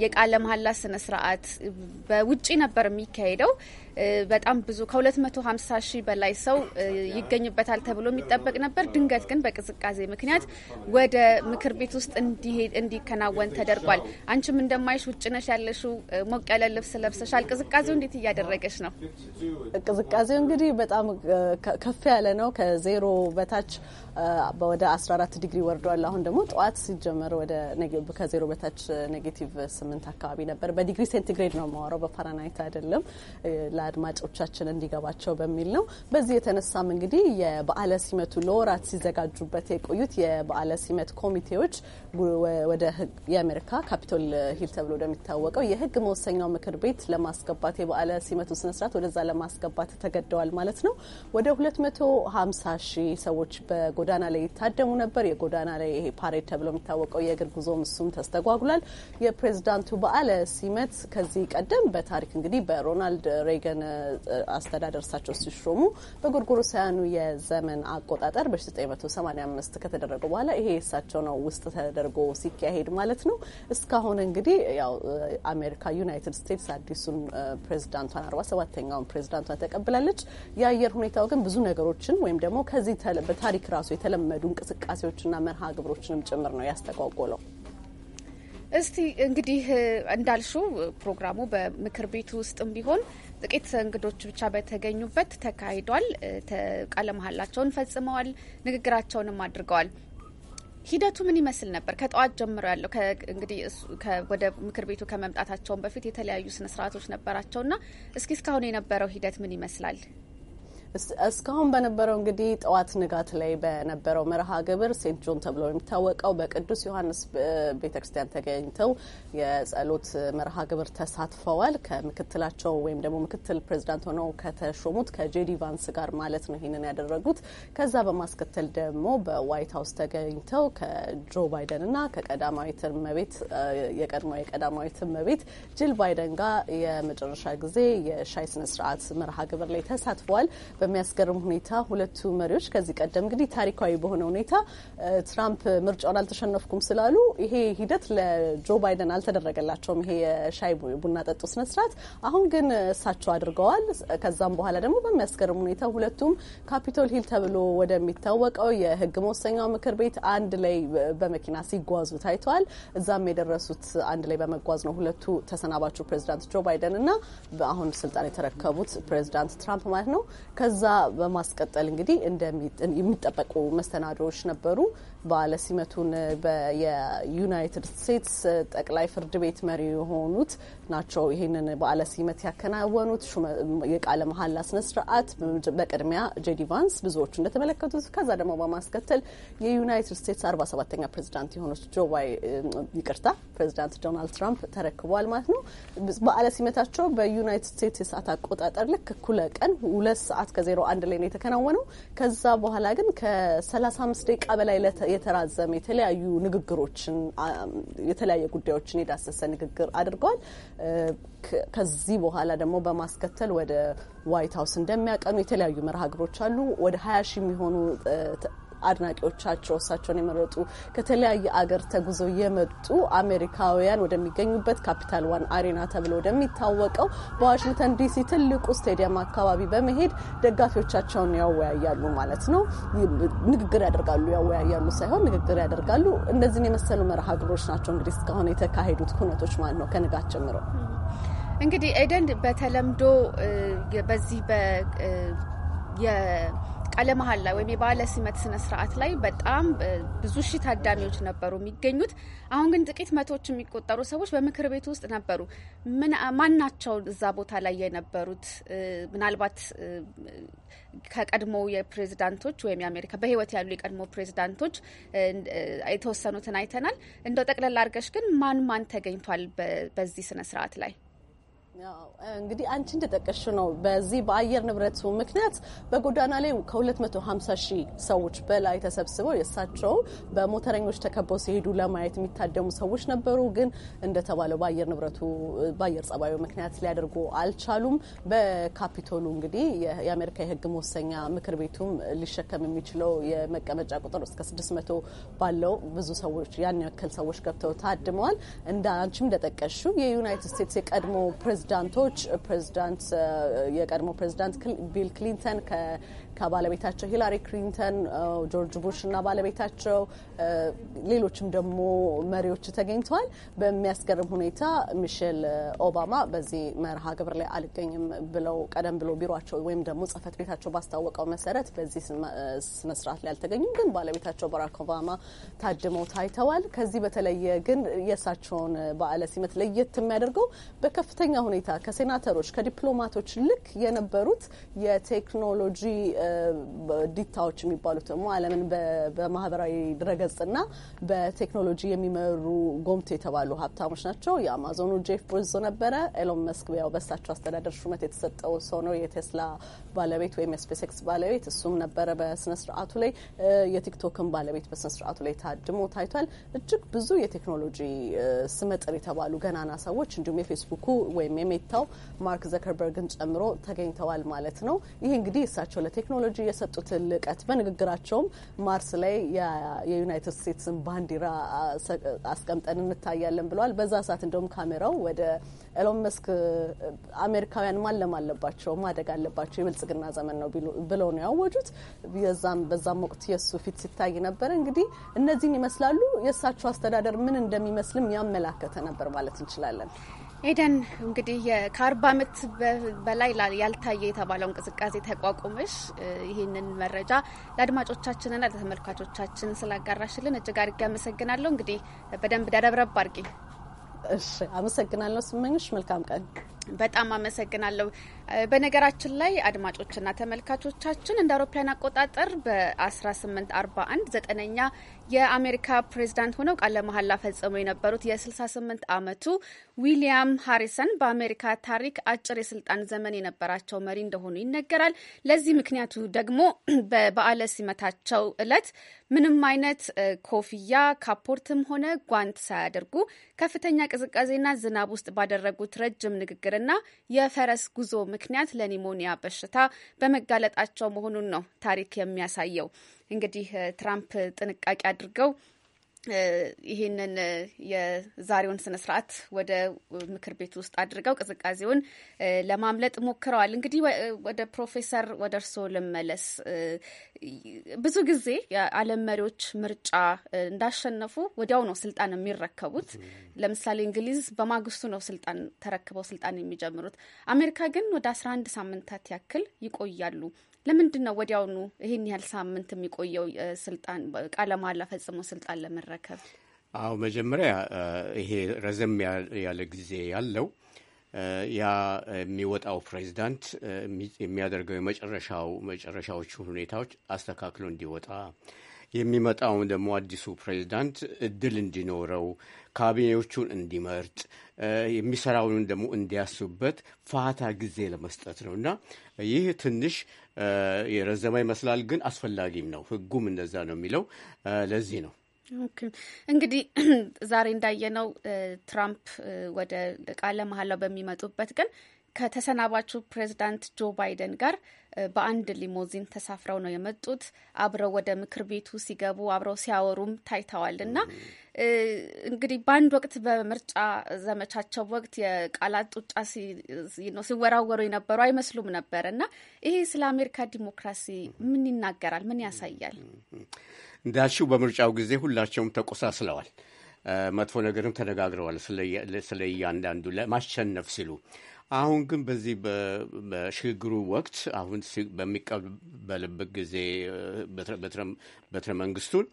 የቃለ መሀላ ስነ ስርዓት በውጪ ነበር የሚካሄደው። በጣም ብዙ ከ250 ሺህ በላይ ሰው ይገኝበታል ተብሎ የሚጠበቅ ነበር። ድንገት ግን በቅዝቃዜ ምክንያት ወደ ምክር ቤት ውስጥ እንዲሄድ እንዲከናወን ተደርጓል። አንቺም እንደማይሽ ውጭ ነሽ ያለሽው፣ ሞቅ ያለ ልብስ ለብሰሻል። ቅዝቃዜው እንዴት እያደረገች ነው? ቅዝቃዜው እንግዲህ በጣም ከፍ ያለ ነው። ከዜሮ በታች ወደ 14 ዲግሪ ወርዷል። አሁን ደግሞ ጠዋት ሲጀመር ከዜሮ በታች ኔጌቲቭ ስምንት አካባቢ ነበር። በዲግሪ ሴንቲግሬድ ነው የማወራው በፋራናይት አይደለም። አድማጮቻችን እንዲገባቸው በሚል ነው። በዚህ የተነሳም እንግዲህ የበዓለ ሲመቱ ለወራት ሲዘጋጁበት የቆዩት የበዓለ ሲመት ኮሚቴዎች ወደ የአሜሪካ ካፒቶል ሂል ተብሎ ወደሚታወቀው የህግ መወሰኛው ምክር ቤት ለማስገባት የበዓለ ሲመቱ ስነስርዓት ወደዛ ለማስገባት ተገደዋል ማለት ነው። ወደ 250 ሺህ ሰዎች በጎዳና ላይ ይታደሙ ነበር። የጎዳና ላይ ይሄ ፓሬድ ተብሎ የሚታወቀው የእግር ጉዞ ምሱም ተስተጓጉሏል። የፕሬዚዳንቱ በዓለ ሲመት ከዚህ ቀደም በታሪክ እንግዲህ በሮናልድ ሬገን የተወሰነ አስተዳደር እሳቸው ሲሾሙ በጎርጎሮሳውያኑ የዘመን አቆጣጠር በ1985 ከተደረገ በኋላ ይሄ የእሳቸው ነው ውስጥ ተደርጎ ሲካሄድ ማለት ነው። እስካሁን እንግዲህ ያው አሜሪካ ዩናይትድ ስቴትስ አዲሱን ፕሬዚዳንቷን አርባ ሰባተኛውን ፕሬዚዳንቷን ተቀብላለች። የአየር ሁኔታው ግን ብዙ ነገሮችን ወይም ደግሞ ከዚህ በታሪክ ራሱ የተለመዱ እንቅስቃሴዎችና መርሃ ግብሮችንም ጭምር ነው ያስተጓጎለው። እስቲ እንግዲህ እንዳልሹ ፕሮግራሙ በምክር ቤቱ ውስጥም ቢሆን ጥቂት እንግዶች ብቻ በተገኙበት ተካሂዷል። ቃለ መሀላቸውን ፈጽመዋል። ንግግራቸውንም አድርገዋል። ሂደቱ ምን ይመስል ነበር? ከጠዋት ጀምሮ ያለው እንግዲህ ወደ ምክር ቤቱ ከመምጣታቸውን በፊት የተለያዩ ስነስርዓቶች ነበራቸውና እስኪ እስካሁን የነበረው ሂደት ምን ይመስላል? እስካሁን በነበረው እንግዲህ ጠዋት ንጋት ላይ በነበረው መርሃ ግብር ሴንት ጆን ተብሎ የሚታወቀው በቅዱስ ዮሐንስ ቤተ ክርስቲያን ተገኝተው የጸሎት መርሃ ግብር ተሳትፈዋል። ከምክትላቸው ወይም ደግሞ ምክትል ፕሬዚዳንት ሆነው ከተሾሙት ከጄዲ ቫንስ ጋር ማለት ነው ይህንን ያደረጉት። ከዛ በማስከተል ደግሞ በዋይት ሀውስ ተገኝተው ከጆ ባይደን ከቀዳማዊት እመቤት የቀድሞ የቀዳማዊት እመቤት ጅል ባይደን ጋር የመጨረሻ ጊዜ የሻይ ስነስርዓት መርሃ ግብር ላይ ተሳትፈዋል። በሚያስገርም ሁኔታ ሁለቱ መሪዎች ከዚህ ቀደም እንግዲህ ታሪካዊ በሆነ ሁኔታ ትራምፕ ምርጫውን አልተሸነፍኩም ስላሉ ይሄ ሂደት ለጆ ባይደን አልተደረገላቸውም። ይሄ የሻይ ቡና ጠጡ ስነስርዓት አሁን ግን እሳቸው አድርገዋል። ከዛም በኋላ ደግሞ በሚያስገርም ሁኔታ ሁለቱም ካፒቶል ሂል ተብሎ ወደሚታወቀው የህግ መወሰኛው ምክር ቤት አንድ ላይ በመኪና ሲጓዙ ታይተዋል። እዛም የደረሱት አንድ ላይ በመጓዝ ነው ሁለቱ ተሰናባቹ ፕሬዚዳንት ጆ ባይደን እና አሁን ስልጣን የተረከቡት ፕሬዚዳንት ትራምፕ ማለት ነው። ከዛ በማስቀጠል እንግዲህ የሚጠበቁ መስተናዶዎች ነበሩ። በዓለ ሲመቱን የዩናይትድ ስቴትስ ጠቅላይ ፍርድ ቤት መሪ የሆኑት ናቸው። ይህንን በዓለ ሲመት ያከናወኑት የቃለ መሀላ ስነ ስርዓት በቅድሚያ ጄዲ ቫንስ ብዙዎቹ እንደተመለከቱት ከዛ ደግሞ በማስከተል የዩናይትድ ስቴትስ 47 ሰባተኛ ፕሬዚዳንት የሆኑት ጆ ባይ ይቅርታ ፕሬዚዳንት ዶናልድ ትራምፕ ተረክቧል ማለት ነው። በዓለ ሲመታቸው በዩናይትድ ስቴትስ የሰዓት አቆጣጠር ልክ እኩለ ቀን ሁለት ሰዓት ከዜሮ አንድ ላይ ነው የተከናወነው። ከዛ በኋላ ግን ከ አምስት ደቂቃ በላይ የተራዘመ የተለያዩ ንግግሮችን የተለያየ ጉዳዮችን የዳሰሰ ንግግር አድርጓል። ከዚህ በኋላ ደግሞ በማስከተል ወደ ዋይት ሀውስ እንደሚያቀኑ የተለያዩ መርሃ ግብሮች አሉ። ወደ ሀያ ሺህ የሚሆኑ አድናቂዎቻቸው እሳቸውን የመረጡ ከተለያየ አገር ተጉዘው የመጡ አሜሪካውያን ወደሚገኙበት ካፒታል ዋን አሬና ተብሎ ወደሚታወቀው በዋሽንግተን ዲሲ ትልቁ ስቴዲየም አካባቢ በመሄድ ደጋፊዎቻቸውን ያወያያሉ ማለት ነው። ንግግር ያደርጋሉ፣ ያወያያሉ ሳይሆን ንግግር ያደርጋሉ። እነዚህን የመሰሉ መርሃ ግብሮች ናቸው እንግዲህ እስካሁን የተካሄዱት ሁነቶች ማለት ነው ከንጋት ጀምሮ እንግዲህ ኤደን በተለምዶ በዚህ ቃለ መሀላ ወይም የባለ ሲመት ስነ ስርዓት ላይ በጣም ብዙ ሺህ ታዳሚዎች ነበሩ የሚገኙት። አሁን ግን ጥቂት መቶዎች የሚቆጠሩ ሰዎች በምክር ቤቱ ውስጥ ነበሩ። ማን ናቸው እዛ ቦታ ላይ የነበሩት? ምናልባት ከቀድሞ የፕሬዚዳንቶች ወይም የአሜሪካ በህይወት ያሉ የቀድሞ ፕሬዚዳንቶች የተወሰኑትን አይተናል። እንደው ጠቅለላ አድርገሽ ግን ማን ማን ተገኝቷል በዚህ ስነ ስርዓት ላይ? እንግዲህ አንቺ እንደጠቀሽ ነው። በዚህ በአየር ንብረቱ ምክንያት በጎዳና ላይ ከ250 ሺህ ሰዎች በላይ ተሰብስበው የእሳቸው በሞተረኞች ተከበው ሲሄዱ ለማየት የሚታደሙ ሰዎች ነበሩ። ግን እንደተባለው በአየር ንብረቱ በአየር ጸባዩ ምክንያት ሊያደርጉ አልቻሉም። በካፒቶሉ እንግዲህ የአሜሪካ የሕግ መወሰኛ ምክር ቤቱም ሊሸከም የሚችለው የመቀመጫ ቁጥር እስከ 600 ባለው ብዙ ሰዎች ያን ያክል ሰዎች ገብተው ታድመዋል። እንደ አንቺም እንደጠቀሽው የዩናይትድ ስቴትስ የቀድሞ ፕሬዚደንት ፕሬዝዳንቶች ፕሬዝዳንት የቀድሞ ፕሬዝዳንት ቢል ክሊንተን ከባለቤታቸው ሂላሪ ክሊንተን፣ ጆርጅ ቡሽ ና ባለቤታቸው ሌሎችም ደግሞ መሪዎች ተገኝተዋል። በሚያስገርም ሁኔታ ሚሼል ኦባማ በዚህ መርሃ ግብር ላይ አልገኝም ብለው ቀደም ብሎ ቢሯቸው ወይም ደግሞ ጽህፈት ቤታቸው ባስታወቀው መሰረት በዚህ ስነስርዓት ላይ አልተገኙም። ግን ባለቤታቸው ባራክ ኦባማ ታድመው ታይተዋል። ከዚህ በተለየ ግን የእሳቸውን በዓለ ሲመት ለየት የሚያደርገው በከፍተኛ ሁኔታ ከሴናተሮች ከዲፕሎማቶች ልክ የነበሩት የቴክኖሎጂ ዲታዎች የሚባሉት ደግሞ ዓለምን በማህበራዊ ድረገጽና በቴክኖሎጂ የሚመሩ ጎምት የተባሉ ሀብታሞች ናቸው። የአማዞኑ ጄፍ ቤዞ ነበረ። ኤሎን መስክ ያው በሳቸው አስተዳደር ሹመት የተሰጠው ሰው ነው። የቴስላ ባለቤት ወይም የስፔስኤክስ ባለቤት እሱም ነበረ በስነስርዓቱ ላይ የቲክቶክን ባለቤት በስነስርዓቱ ላይ ታድሞ ታይቷል። እጅግ ብዙ የቴክኖሎጂ ስመጥር የተባሉ ገናና ሰዎች እንዲሁም የፌስቡኩ ወይም የሜታው ማርክ ዘከርበርግን ጨምሮ ተገኝተዋል ማለት ነው። ይህ እንግዲህ እሳቸው ለቴክኖሎጂ የሰጡት ልቀት በንግግራቸውም ማርስ ላይ የዩናይትድ ስቴትስን ባንዲራ አስቀምጠን እንታያለን ብለዋል። በዛ ሰዓት እንደውም ካሜራው ወደ ኤሎን መስክ አሜሪካውያን ማለም አለባቸው ማደግ አለባቸው የብልጽግና ዘመን ነው ብለው ነው ያወጁት። በዛም በዛም ወቅት የእሱ ፊት ሲታይ ነበረ። እንግዲህ እነዚህን ይመስላሉ። የእሳቸው አስተዳደር ምን እንደሚመስልም ያመላከተ ነበር ማለት እንችላለን። ኤደን እንግዲህ ከአርባ ዓመት በላይ ያልታየ የተባለው እንቅስቃሴ ተቋቁመሽ ይህንን መረጃ ለአድማጮቻችንና ለተመልካቾቻችን ስላጋራሽልን እጅግ አድርጌ አመሰግናለሁ። እንግዲህ በደንብ ደረብረብ አድርጊ። እሺ፣ አመሰግናለሁ ስመኝሽ። መልካም ቀን በጣም አመሰግናለሁ። በነገራችን ላይ አድማጮችና ተመልካቾቻችን እንደ አውሮፓውያን አቆጣጠር በ1841 ዘጠነኛ የአሜሪካ ፕሬዚዳንት ሆነው ቃለ መሐላ ፈጽመው የነበሩት የ68 ዓመቱ ዊሊያም ሃሪሰን በአሜሪካ ታሪክ አጭር የስልጣን ዘመን የነበራቸው መሪ እንደሆኑ ይነገራል። ለዚህ ምክንያቱ ደግሞ በበዓለ ሲመታቸው እለት ምንም አይነት ኮፍያ ካፖርትም ሆነ ጓንት ሳያደርጉ ከፍተኛ ቅዝቃዜና ዝናብ ውስጥ ባደረጉት ረጅም ንግግር መጨመርና የፈረስ ጉዞ ምክንያት ለኒሞኒያ በሽታ በመጋለጣቸው መሆኑን ነው ታሪክ የሚያሳየው። እንግዲህ ትራምፕ ጥንቃቄ አድርገው ይህንን የዛሬውን ስነ ስርዓት ወደ ምክር ቤት ውስጥ አድርገው ቅዝቃዜውን ለማምለጥ ሞክረዋል። እንግዲህ ወደ ፕሮፌሰር ወደ እርስዎ ልመለስ። ብዙ ጊዜ የዓለም መሪዎች ምርጫ እንዳሸነፉ ወዲያው ነው ስልጣን የሚረከቡት። ለምሳሌ እንግሊዝ በማግስቱ ነው ስልጣን ተረክበው ስልጣን የሚጀምሩት። አሜሪካ ግን ወደ አስራ አንድ ሳምንታት ያክል ይቆያሉ። ለምንድን ነው ወዲያውኑ ይህን ያህል ሳምንት የሚቆየው ስልጣን ቃለ መሃላ ፈጽሞ ስልጣን ለመረከብ? አዎ መጀመሪያ ይሄ ረዘም ያለ ጊዜ ያለው ያ የሚወጣው ፕሬዚዳንት የሚያደርገው የመጨረሻው መጨረሻዎቹ ሁኔታዎች አስተካክሎ እንዲወጣ የሚመጣውን ደግሞ አዲሱ ፕሬዚዳንት እድል እንዲኖረው ካቢኔዎቹን እንዲመርጥ የሚሰራውን ደግሞ እንዲያስቡበት ፋታ ጊዜ ለመስጠት ነው እና ይህ ትንሽ የረዘመ ይመስላል፣ ግን አስፈላጊም ነው። ህጉም እንደዛ ነው የሚለው። ለዚህ ነው እንግዲህ ዛሬ እንዳየነው ትራምፕ ወደ ቃለ መሀላው በሚመጡበት ግን ከተሰናባቹ ፕሬዚዳንት ጆ ባይደን ጋር በአንድ ሊሞዚን ተሳፍረው ነው የመጡት። አብረው ወደ ምክር ቤቱ ሲገቡ አብረው ሲያወሩም ታይተዋል እና እንግዲህ በአንድ ወቅት በምርጫ ዘመቻቸው ወቅት የቃላት ጡጫ ሲወራወሩ የነበሩ አይመስሉም ነበር እና ይሄ ስለ አሜሪካ ዲሞክራሲ ምን ይናገራል? ምን ያሳያል? እንዳልሽው በምርጫው ጊዜ ሁላቸውም ተቆሳስለዋል። መጥፎ ነገርም ተነጋግረዋል ስለ እያንዳንዱ ለማሸነፍ ሲሉ አሁን ግን በዚህ በሽግግሩ ወቅት አሁን በሚቀበልበት ጊዜ በትረ መንግስቱን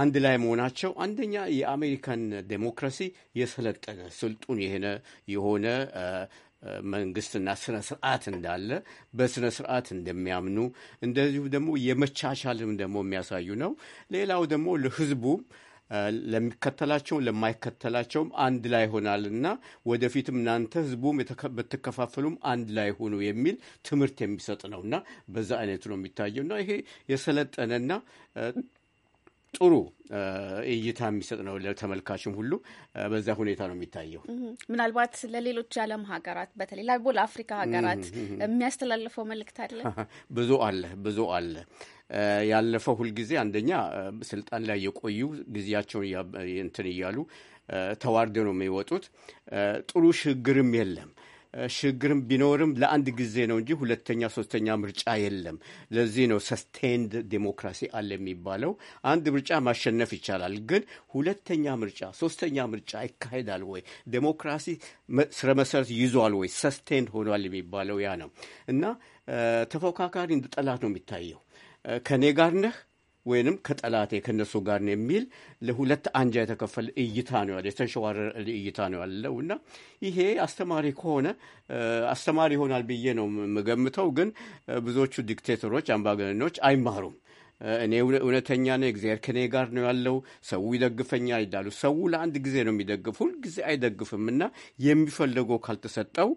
አንድ ላይ መሆናቸው አንደኛ የአሜሪካን ዴሞክራሲ የሰለጠነ ስልጡን የሆነ የሆነ መንግስትና ስነ ስርዓት እንዳለ በስነ ስርዓት እንደሚያምኑ እንደዚሁ ደግሞ የመቻቻልም ደግሞ የሚያሳዩ ነው። ሌላው ደግሞ ለህዝቡ ለሚከተላቸው ለማይከተላቸውም አንድ ላይ እና ወደፊትም እናንተ ህዝቡም ብትከፋፈሉም አንድ ላይ ሆኑ የሚል ትምህርት የሚሰጥ ነውና በዛ አይነቱ ነው የሚታየውና ይሄ የሰለጠነና ጥሩ እይታ የሚሰጥ ነው ለተመልካችም ሁሉ በዛ ሁኔታ ነው የሚታየው። ምናልባት ለሌሎች የዓለም ሀገራት በተለይ ላቦ ለአፍሪካ ሀገራት የሚያስተላልፈው መልእክት አለ ብዙ አለ ብዙ አለ ያለፈው ሁልጊዜ አንደኛ ስልጣን ላይ የቆዩ ጊዜያቸውን እንትን እያሉ ተዋርደ ነው የሚወጡት። ጥሩ ሽግግርም የለም ሽግርም ቢኖርም ለአንድ ጊዜ ነው እንጂ ሁለተኛ ሶስተኛ ምርጫ የለም። ለዚህ ነው ሰስቴንድ ዴሞክራሲ አለ የሚባለው። አንድ ምርጫ ማሸነፍ ይቻላል፣ ግን ሁለተኛ ምርጫ፣ ሶስተኛ ምርጫ ይካሄዳል ወይ? ዴሞክራሲ ስረ መሰረት ይዟል ወይ? ሰስቴንድ ሆኗል የሚባለው ያ ነው እና ተፎካካሪ እንደ ጠላት ነው የሚታየው። ከኔ ጋር ነህ ወይንም ከጠላቴ ከነሱ ጋር ነው የሚል ለሁለት አንጃ የተከፈለ እይታ ነው ያለ የተንሸዋረረ እይታ ነው ያለው እና ይሄ አስተማሪ ከሆነ አስተማሪ ይሆናል ብዬ ነው የምገምተው። ግን ብዙዎቹ ዲክቴተሮች፣ አምባገነኖች አይማሩም። እኔ እውነተኛ ነኝ፣ እግዚአብሔር ከኔ ጋር ነው ያለው፣ ሰው ይደግፈኛል ይላሉ። ሰው ለአንድ ጊዜ ነው የሚደግፍ፣ ሁልጊዜ አይደግፍም እና የሚፈለገው ካልተሰጠው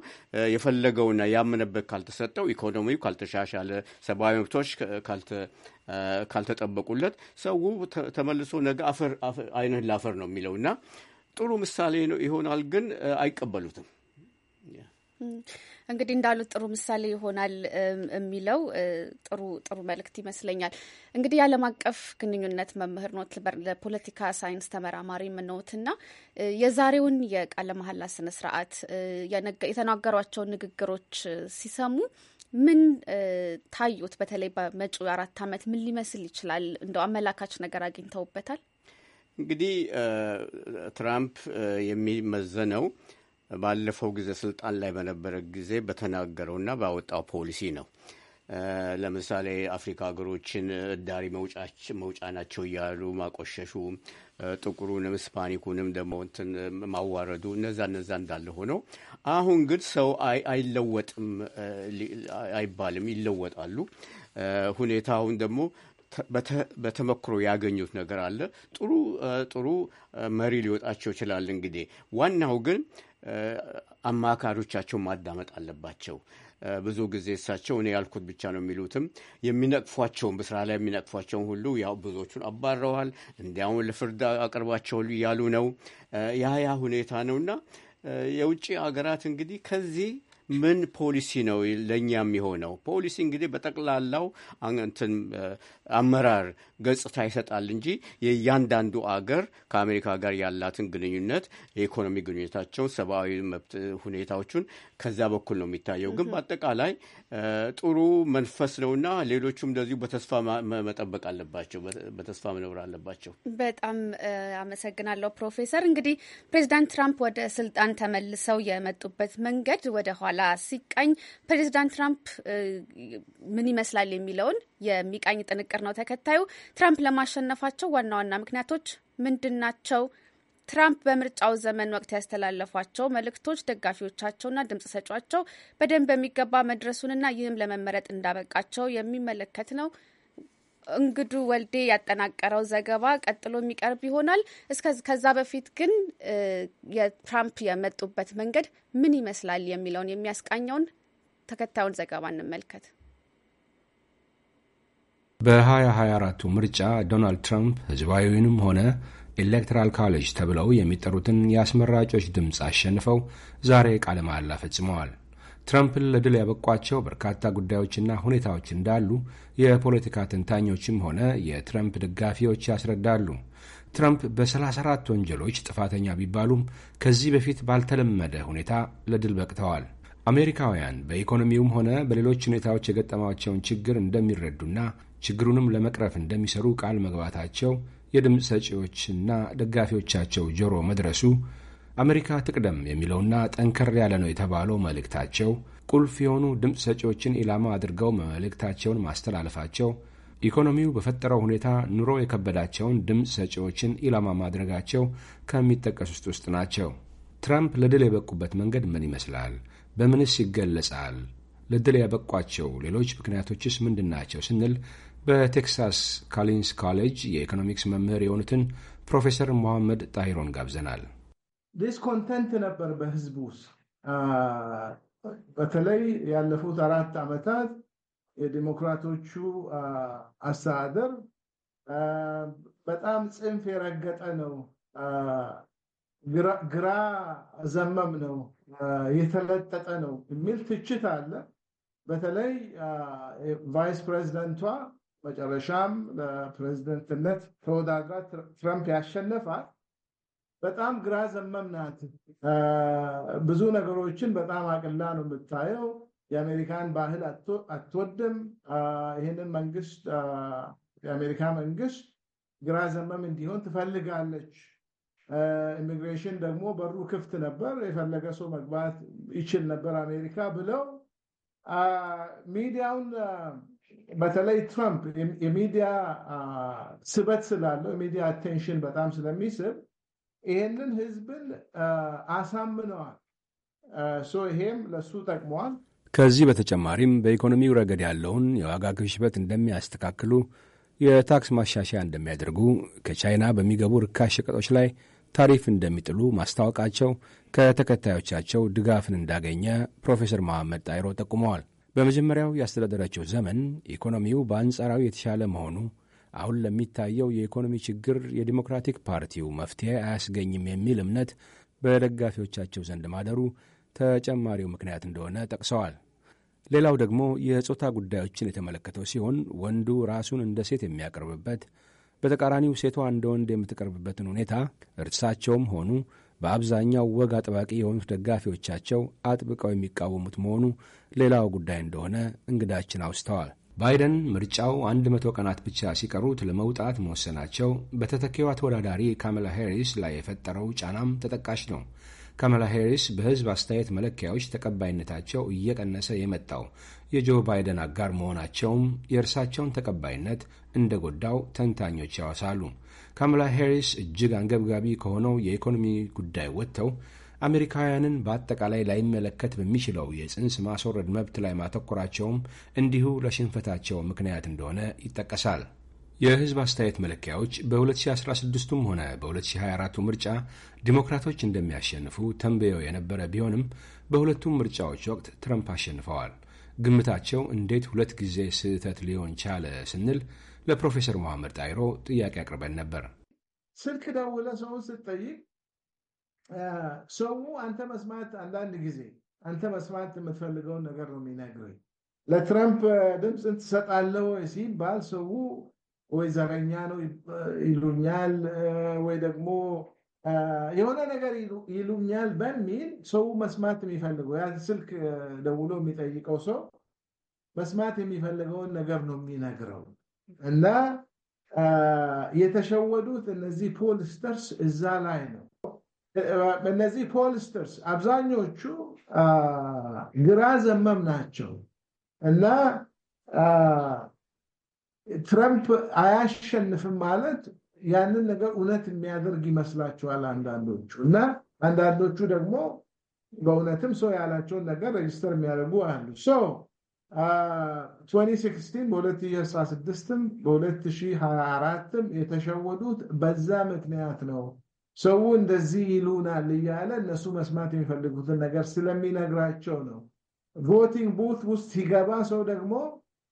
የፈለገውና ያመነበት ካልተሰጠው፣ ኢኮኖሚው ካልተሻሻለ፣ ሰብአዊ መብቶች ካልተጠበቁለት ሰው ተመልሶ ነገ አፈር አይነት ላፈር ነው የሚለው እና ጥሩ ምሳሌ ነው ይሆናል፣ ግን አይቀበሉትም። እንግዲህ እንዳሉት ጥሩ ምሳሌ ይሆናል የሚለው ጥሩ ጥሩ መልእክት ይመስለኛል። እንግዲህ የዓለም አቀፍ ግንኙነት መምህር ኖት፣ ለፖለቲካ ሳይንስ ተመራማሪ ምንዎትና የዛሬውን የቃለ መሀላ ስነ ስርዓት የተናገሯቸው ንግግሮች ሲሰሙ ምን ታዩት? በተለይ በመጪው አራት ዓመት ምን ሊመስል ይችላል? እንደው አመላካች ነገር አግኝተውበታል? እንግዲህ ትራምፕ የሚመዘነው ባለፈው ጊዜ ስልጣን ላይ በነበረ ጊዜ በተናገረውና ባወጣው ፖሊሲ ነው። ለምሳሌ አፍሪካ ሀገሮችን እዳሪ መውጫ ናቸው እያሉ ማቆሸሹ፣ ጥቁሩንም ስፓኒኩንም ደግሞ እንትን ማዋረዱ እነዛ እነዛ እንዳለ ሆነው አሁን ግን ሰው አይለወጥም አይባልም፣ ይለወጣሉ። ሁኔታውን ደግሞ በተመክሮ ያገኙት ነገር አለ። ጥሩ ጥሩ መሪ ሊወጣቸው ይችላል። እንግዲህ ዋናው ግን አማካሪዎቻቸው ማዳመጥ አለባቸው። ብዙ ጊዜ እሳቸው እኔ ያልኩት ብቻ ነው የሚሉትም የሚነቅፏቸውን በስራ ላይ የሚነቅፏቸውን ሁሉ ያው ብዙዎቹን አባረዋል፣ እንዲያውም ለፍርድ አቅርባቸው እያሉ ነው። ያ ያ ሁኔታ ነውና የውጭ ሀገራት እንግዲህ ከዚህ ምን ፖሊሲ ነው ለእኛ የሚሆነው? ፖሊሲ እንግዲህ በጠቅላላው እንትን አመራር ገጽታ ይሰጣል እንጂ የእያንዳንዱ አገር ከአሜሪካ ጋር ያላትን ግንኙነት፣ የኢኮኖሚ ግንኙነታቸውን፣ ሰብአዊ መብት ሁኔታዎቹን ከዛ በኩል ነው የሚታየው። ግን በአጠቃላይ ጥሩ መንፈስ ነውና ሌሎቹም እንደዚሁ በተስፋ መጠበቅ አለባቸው፣ በተስፋ መኖር አለባቸው። በጣም አመሰግናለሁ ፕሮፌሰር። እንግዲህ ፕሬዚዳንት ትራምፕ ወደ ስልጣን ተመልሰው የመጡበት መንገድ ወደ ኋላ ሲቃኝ ፕሬዚዳንት ትራምፕ ምን ይመስላል የሚለውን የሚቃኝ ጥንቅር ነው ተከታዩ። ትራምፕ ለማሸነፋቸው ዋና ዋና ምክንያቶች ምንድን ናቸው? ትራምፕ በምርጫው ዘመን ወቅት ያስተላለፏቸው መልእክቶች ደጋፊዎቻቸውና ድምጽ ሰጫቸው በደንብ በሚገባ መድረሱንና ይህም ለመመረጥ እንዳበቃቸው የሚመለከት ነው። እንግዱ ወልዴ ያጠናቀረው ዘገባ ቀጥሎ የሚቀርብ ይሆናል። ከዛ በፊት ግን የትራምፕ የመጡበት መንገድ ምን ይመስላል የሚለውን የሚያስቃኘውን ተከታዩን ዘገባ እንመልከት። በ 2024 ምርጫ ዶናልድ ትራምፕ ህዝባዊውንም ሆነ ኤሌክትራል ካሌጅ ተብለው የሚጠሩትን የአስመራጮች ድምፅ አሸንፈው ዛሬ ቃለ መሐላ ፈጽመዋል። ትራምፕን ለድል ያበቋቸው በርካታ ጉዳዮችና ሁኔታዎች እንዳሉ የፖለቲካ ተንታኞችም ሆነ የትራምፕ ደጋፊዎች ያስረዳሉ። ትራምፕ በ34 ወንጀሎች ጥፋተኛ ቢባሉም ከዚህ በፊት ባልተለመደ ሁኔታ ለድል በቅተዋል። አሜሪካውያን በኢኮኖሚውም ሆነ በሌሎች ሁኔታዎች የገጠማቸውን ችግር እንደሚረዱና ችግሩንም ለመቅረፍ እንደሚሰሩ ቃል መግባታቸው የድምፅ ሰጪዎችና ደጋፊዎቻቸው ጆሮ መድረሱ አሜሪካ ትቅደም የሚለውና ጠንከር ያለ ነው የተባለው መልእክታቸው ቁልፍ የሆኑ ድምፅ ሰጪዎችን ኢላማ አድርገው መልእክታቸውን ማስተላለፋቸው ኢኮኖሚው በፈጠረው ሁኔታ ኑሮ የከበዳቸውን ድምፅ ሰጪዎችን ኢላማ ማድረጋቸው ከሚጠቀሱት ውስጥ ናቸው። ትራምፕ ለድል የበቁበት መንገድ ምን ይመስላል? በምንስ ይገለጻል? ለድል ያበቋቸው ሌሎች ምክንያቶችስ ናቸው ስንል በቴክሳስ ካሊንስ ካሌጅ የኢኮኖሚክስ መምህር የሆኑትን ፕሮፌሰር መሐመድ ጣሂሮን ጋብዘናል። ዲስኮንተንት ኮንተንት ነበር በህዝቡ ውስጥ በተለይ ያለፉት አራት ዓመታት የዲሞክራቶቹ አስተዳደር በጣም ጽንፍ የረገጠ ነው፣ ግራ ዘመም ነው፣ የተለጠጠ ነው የሚል ትችት አለ። በተለይ ቫይስ ፕሬዚደንቷ መጨረሻም ለፕሬዝደንትነት ተወዳድራ ትረምፕ ያሸነፋል። በጣም ግራ ዘመም ናት። ብዙ ነገሮችን በጣም አቅላ ነው የምታየው። የአሜሪካን ባህል አትወድም። ይህንን መንግስት የአሜሪካ መንግስት ግራ ዘመም እንዲሆን ትፈልጋለች። ኢሚግሬሽን ደግሞ በሩ ክፍት ነበር፣ የፈለገ ሰው መግባት ይችል ነበር አሜሪካ ብለው ሚዲያውን በተለይ ትራምፕ የሚዲያ ስበት ስላለው የሚዲያ አቴንሽን በጣም ስለሚስብ ይሄንን ህዝብን አሳምነዋል። ይሄም ለሱ ጠቅመዋል። ከዚህ በተጨማሪም በኢኮኖሚው ረገድ ያለውን የዋጋ ግሽበት እንደሚያስተካክሉ፣ የታክስ ማሻሻያ እንደሚያደርጉ፣ ከቻይና በሚገቡ ርካሽ ሸቀጦች ላይ ታሪፍ እንደሚጥሉ ማስታወቃቸው ከተከታዮቻቸው ድጋፍን እንዳገኘ ፕሮፌሰር መሐመድ ጣይሮ ጠቁመዋል። በመጀመሪያው ያስተዳደራቸው ዘመን ኢኮኖሚው በአንጻራዊ የተሻለ መሆኑ አሁን ለሚታየው የኢኮኖሚ ችግር የዲሞክራቲክ ፓርቲው መፍትሄ አያስገኝም የሚል እምነት በደጋፊዎቻቸው ዘንድ ማደሩ ተጨማሪው ምክንያት እንደሆነ ጠቅሰዋል። ሌላው ደግሞ የጾታ ጉዳዮችን የተመለከተው ሲሆን ወንዱ ራሱን እንደ ሴት የሚያቀርብበት፣ በተቃራኒው ሴቷ እንደ ወንድ የምትቀርብበትን ሁኔታ እርሳቸውም ሆኑ በአብዛኛው ወግ አጥባቂ የሆኑት ደጋፊዎቻቸው አጥብቀው የሚቃወሙት መሆኑ ሌላው ጉዳይ እንደሆነ እንግዳችን አውስተዋል። ባይደን ምርጫው 100 ቀናት ብቻ ሲቀሩት ለመውጣት መወሰናቸው በተተኪዋ ተወዳዳሪ ካመላ ሄሪስ ላይ የፈጠረው ጫናም ተጠቃሽ ነው። ካመላ ሄሪስ በሕዝብ አስተያየት መለኪያዎች ተቀባይነታቸው እየቀነሰ የመጣው የጆ ባይደን አጋር መሆናቸውም የእርሳቸውን ተቀባይነት እንደጎዳው ተንታኞች ያወሳሉ። ካማላ ሄሪስ እጅግ አንገብጋቢ ከሆነው የኢኮኖሚ ጉዳይ ወጥተው አሜሪካውያንን በአጠቃላይ ላይመለከት በሚችለው የጽንስ ማስወረድ መብት ላይ ማተኮራቸውም እንዲሁ ለሽንፈታቸው ምክንያት እንደሆነ ይጠቀሳል። የሕዝብ አስተያየት መለኪያዎች በ2016ቱም ሆነ በ2024ቱ ምርጫ ዲሞክራቶች እንደሚያሸንፉ ተንብየው የነበረ ቢሆንም በሁለቱም ምርጫዎች ወቅት ትረምፕ አሸንፈዋል። ግምታቸው እንዴት ሁለት ጊዜ ስህተት ሊሆን ቻለ ስንል ለፕሮፌሰር መሐመድ ጣይሮ ጥያቄ አቅርበን ነበር። ስልክ ደውለ ሰውን ስትጠይቅ ሰው አንተ መስማት አንዳንድ ጊዜ አንተ መስማት የምትፈልገውን ነገር ነው የሚነግርህ። ለትራምፕ ድምፅን ትሰጣለህ ወይ ሲባል ሰው ወይ ዘረኛ ነው ይሉኛል ወይ ደግሞ የሆነ ነገር ይሉኛል በሚል ሰው መስማት የሚፈልገው ያ ስልክ ደውሎ የሚጠይቀው ሰው መስማት የሚፈልገውን ነገር ነው የሚነግረው። እና የተሸወዱት እነዚህ ፖልስተርስ እዛ ላይ ነው። እነዚህ ፖልስተርስ አብዛኞቹ ግራ ዘመም ናቸው እና ትረምፕ አያሸንፍም ማለት ያንን ነገር እውነት የሚያደርግ ይመስላቸዋል አንዳንዶቹ እና አንዳንዶቹ ደግሞ በእውነትም ሰው ያላቸውን ነገር ሬጅስተር የሚያደርጉ አሉ። 2016 በ2016ም በ2024ም የተሸወዱት በዛ ምክንያት ነው። ሰው እንደዚህ ይሉናል እያለ እነሱ መስማት የሚፈልጉትን ነገር ስለሚነግራቸው ነው። ቮቲንግ ቡት ውስጥ ሲገባ ሰው ደግሞ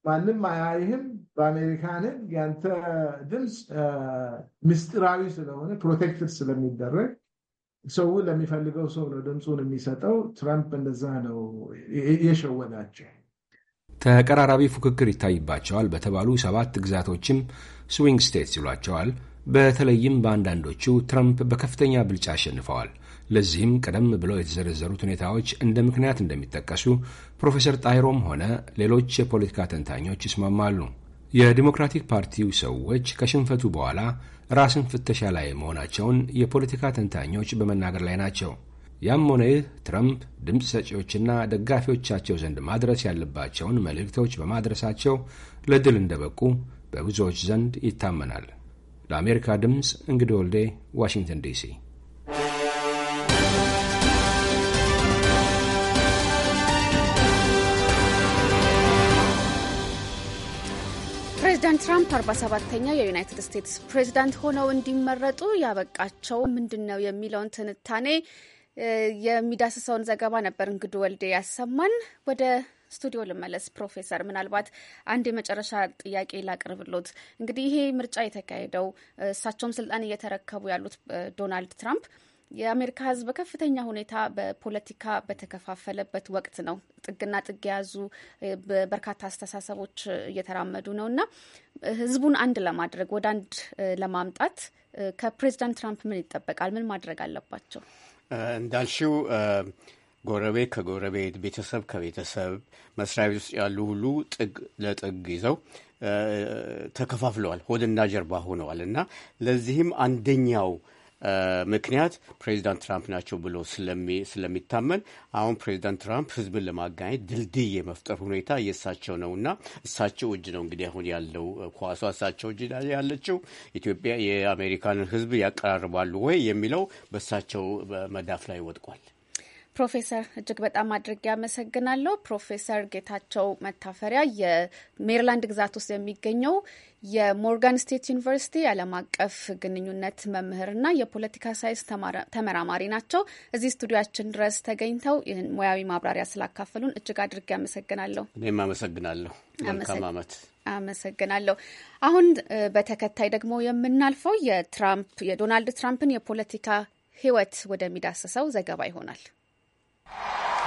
ማንም አያይህም። በአሜሪካን ሕግ ያንተ ድምፅ ምስጢራዊ ስለሆነ ፕሮቴክትድ ስለሚደረግ ሰው ለሚፈልገው ሰው ነው ድምፁን የሚሰጠው። ትራምፕ እንደዛ ነው የሸወዳቸው። ተቀራራቢ ፉክክር ይታይባቸዋል በተባሉ ሰባት ግዛቶችም ስዊንግ ስቴትስ ይሏቸዋል። በተለይም በአንዳንዶቹ ትራምፕ በከፍተኛ ብልጫ አሸንፈዋል። ለዚህም ቀደም ብለው የተዘረዘሩት ሁኔታዎች እንደ ምክንያት እንደሚጠቀሱ ፕሮፌሰር ጣይሮም ሆነ ሌሎች የፖለቲካ ተንታኞች ይስማማሉ። የዲሞክራቲክ ፓርቲው ሰዎች ከሽንፈቱ በኋላ ራስን ፍተሻ ላይ መሆናቸውን የፖለቲካ ተንታኞች በመናገር ላይ ናቸው። ያም ሆነ ይህ ትረምፕ ድምፅ ሰጪዎችና ደጋፊዎቻቸው ዘንድ ማድረስ ያለባቸውን መልእክቶች በማድረሳቸው ለድል እንደበቁ በብዙዎች ዘንድ ይታመናል። ለአሜሪካ ድምፅ እንግዲህ ወልዴ ዋሽንግተን ዲሲ። ፕሬዚዳንት ትራምፕ አርባ ተኛው የዩናይትድ ስቴትስ ፕሬዚዳንት ሆነው እንዲመረጡ ያበቃቸው ምንድን ነው የሚለውን ትንታኔ የሚዳስሰውን ዘገባ ነበር እንግዱ ወልዴ ያሰማን። ወደ ስቱዲዮ ልመለስ። ፕሮፌሰር ምናልባት አንድ የመጨረሻ ጥያቄ ላቅርብሎት። እንግዲህ ይሄ ምርጫ የተካሄደው እሳቸውም ስልጣን እየተረከቡ ያሉት ዶናልድ ትራምፕ የአሜሪካ ሕዝብ በከፍተኛ ሁኔታ በፖለቲካ በተከፋፈለበት ወቅት ነው። ጥግና ጥግ የያዙ በርካታ አስተሳሰቦች እየተራመዱ ነው እና ሕዝቡን አንድ ለማድረግ ወደ አንድ ለማምጣት ከፕሬዚዳንት ትራምፕ ምን ይጠበቃል? ምን ማድረግ አለባቸው? እንዳልሽው ጎረቤት ከጎረቤት ቤተሰብ ከቤተሰብ መስሪያ ቤት ውስጥ ያሉ ሁሉ ጥግ ለጥግ ይዘው ተከፋፍለዋል። ሆድና ጀርባ ሆነዋል እና ለዚህም አንደኛው ምክንያት ፕሬዚዳንት ትራምፕ ናቸው ብሎ ስለሚታመን አሁን ፕሬዚዳንት ትራምፕ ህዝብን ለማገናኘት ድልድይ የመፍጠር ሁኔታ የእሳቸው እና እሳቸው እጅ ነው እንግዲህ አሁን ያለው ኳሷ እሳቸው እጅ ያለችው። ኢትዮጵያ የአሜሪካንን ህዝብ ያቀራርባሉ ወይ የሚለው በእሳቸው መዳፍ ላይ ወድቋል። ፕሮፌሰር እጅግ በጣም አድርጌ ያመሰግናለሁ። ፕሮፌሰር ጌታቸው መታፈሪያ የሜሪላንድ ግዛት ውስጥ የሚገኘው የሞርጋን ስቴት ዩኒቨርሲቲ አለም አቀፍ ግንኙነት መምህርና የፖለቲካ ሳይንስ ተመራማሪ ናቸው። እዚህ ስቱዲያችን ድረስ ተገኝተው ይህን ሙያዊ ማብራሪያ ስላካፈሉን እጅግ አድርጌ አመሰግናለሁ። እኔም አመሰግናለሁ። መልካም አመት። አመሰግናለሁ። አሁን በተከታይ ደግሞ የምናልፈው የትራምፕ የዶናልድ ትራምፕን የፖለቲካ ህይወት ወደሚዳስሰው ዘገባ ይሆናል።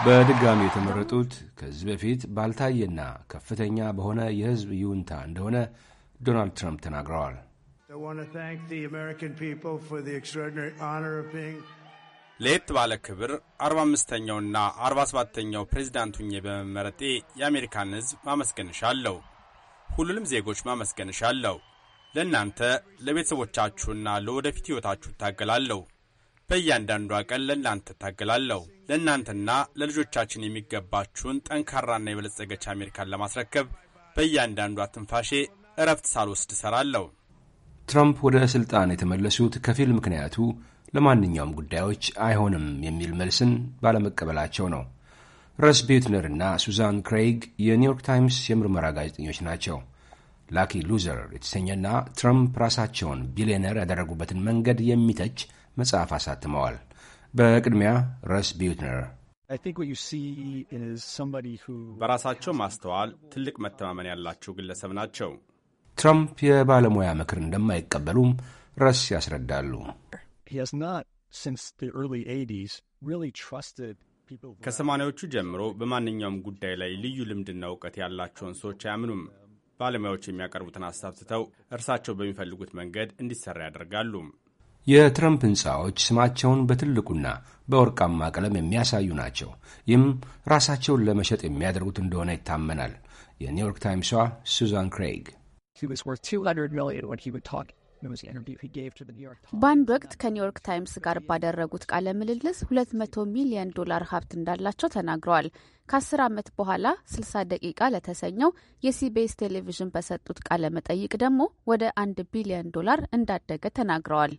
በድጋሚ የተመረጡት ከዚህ በፊት ባልታየና ከፍተኛ በሆነ የሕዝብ ይሁንታ እንደሆነ ዶናልድ ትራምፕ ተናግረዋል። ለየት ባለ ክብር 45ኛውና 47ኛው ፕሬዚዳንት ሁኜ በመመረጤ የአሜሪካን ሕዝብ ማመስገንሻለሁ። አለው። ሁሉንም ዜጎች ማመስገንሻለሁ። አለው። ለእናንተ ለቤተሰቦቻችሁና ለወደፊት ሕይወታችሁ እታገላለሁ። በእያንዳንዷ ቀን ለእናንተ እታገላለሁ። ለእናንተና ለልጆቻችን የሚገባችሁን ጠንካራና የበለጸገች አሜሪካን ለማስረከብ በእያንዳንዷ ትንፋሼ እረፍት ሳልወስድ እሰራለሁ። ትራምፕ ወደ ሥልጣን የተመለሱት ከፊል ምክንያቱ ለማንኛውም ጉዳዮች አይሆንም የሚል መልስን ባለመቀበላቸው ነው። ረስ ቤትነር እና ሱዛን ክሬይግ የኒውዮርክ ታይምስ የምርመራ ጋዜጠኞች ናቸው። ላኪ ሉዘር የተሰኘና ትራምፕ ራሳቸውን ቢሊዮነር ያደረጉበትን መንገድ የሚተች መጽሐፍ አሳትመዋል። በቅድሚያ ረስ ቢዩትነር በራሳቸው ማስተዋል ትልቅ መተማመን ያላቸው ግለሰብ ናቸው። ትራምፕ የባለሙያ ምክር እንደማይቀበሉም ረስ ያስረዳሉ። ከሰማኒያዎቹ ጀምሮ በማንኛውም ጉዳይ ላይ ልዩ ልምድና እውቀት ያላቸውን ሰዎች አያምኑም። ባለሙያዎች የሚያቀርቡትን ሀሳብ ትተው እርሳቸው በሚፈልጉት መንገድ እንዲሰራ ያደርጋሉ። የትረምፕ ሕንፃዎች ስማቸውን በትልቁና በወርቃማ ቀለም የሚያሳዩ ናቸው። ይህም ራሳቸውን ለመሸጥ የሚያደርጉት እንደሆነ ይታመናል። የኒውዮርክ ታይምሷ ሱዛን ክሬግ በአንድ ወቅት ከኒውዮርክ ታይምስ ጋር ባደረጉት ቃለ ምልልስ 200 ሚሊዮን ዶላር ሀብት እንዳላቸው ተናግረዋል። ከ10 ዓመት በኋላ 60 ደቂቃ ለተሰኘው የሲቢኤስ ቴሌቪዥን በሰጡት ቃለ መጠይቅ ደግሞ ወደ 1 ቢሊዮን ዶላር እንዳደገ ተናግረዋል።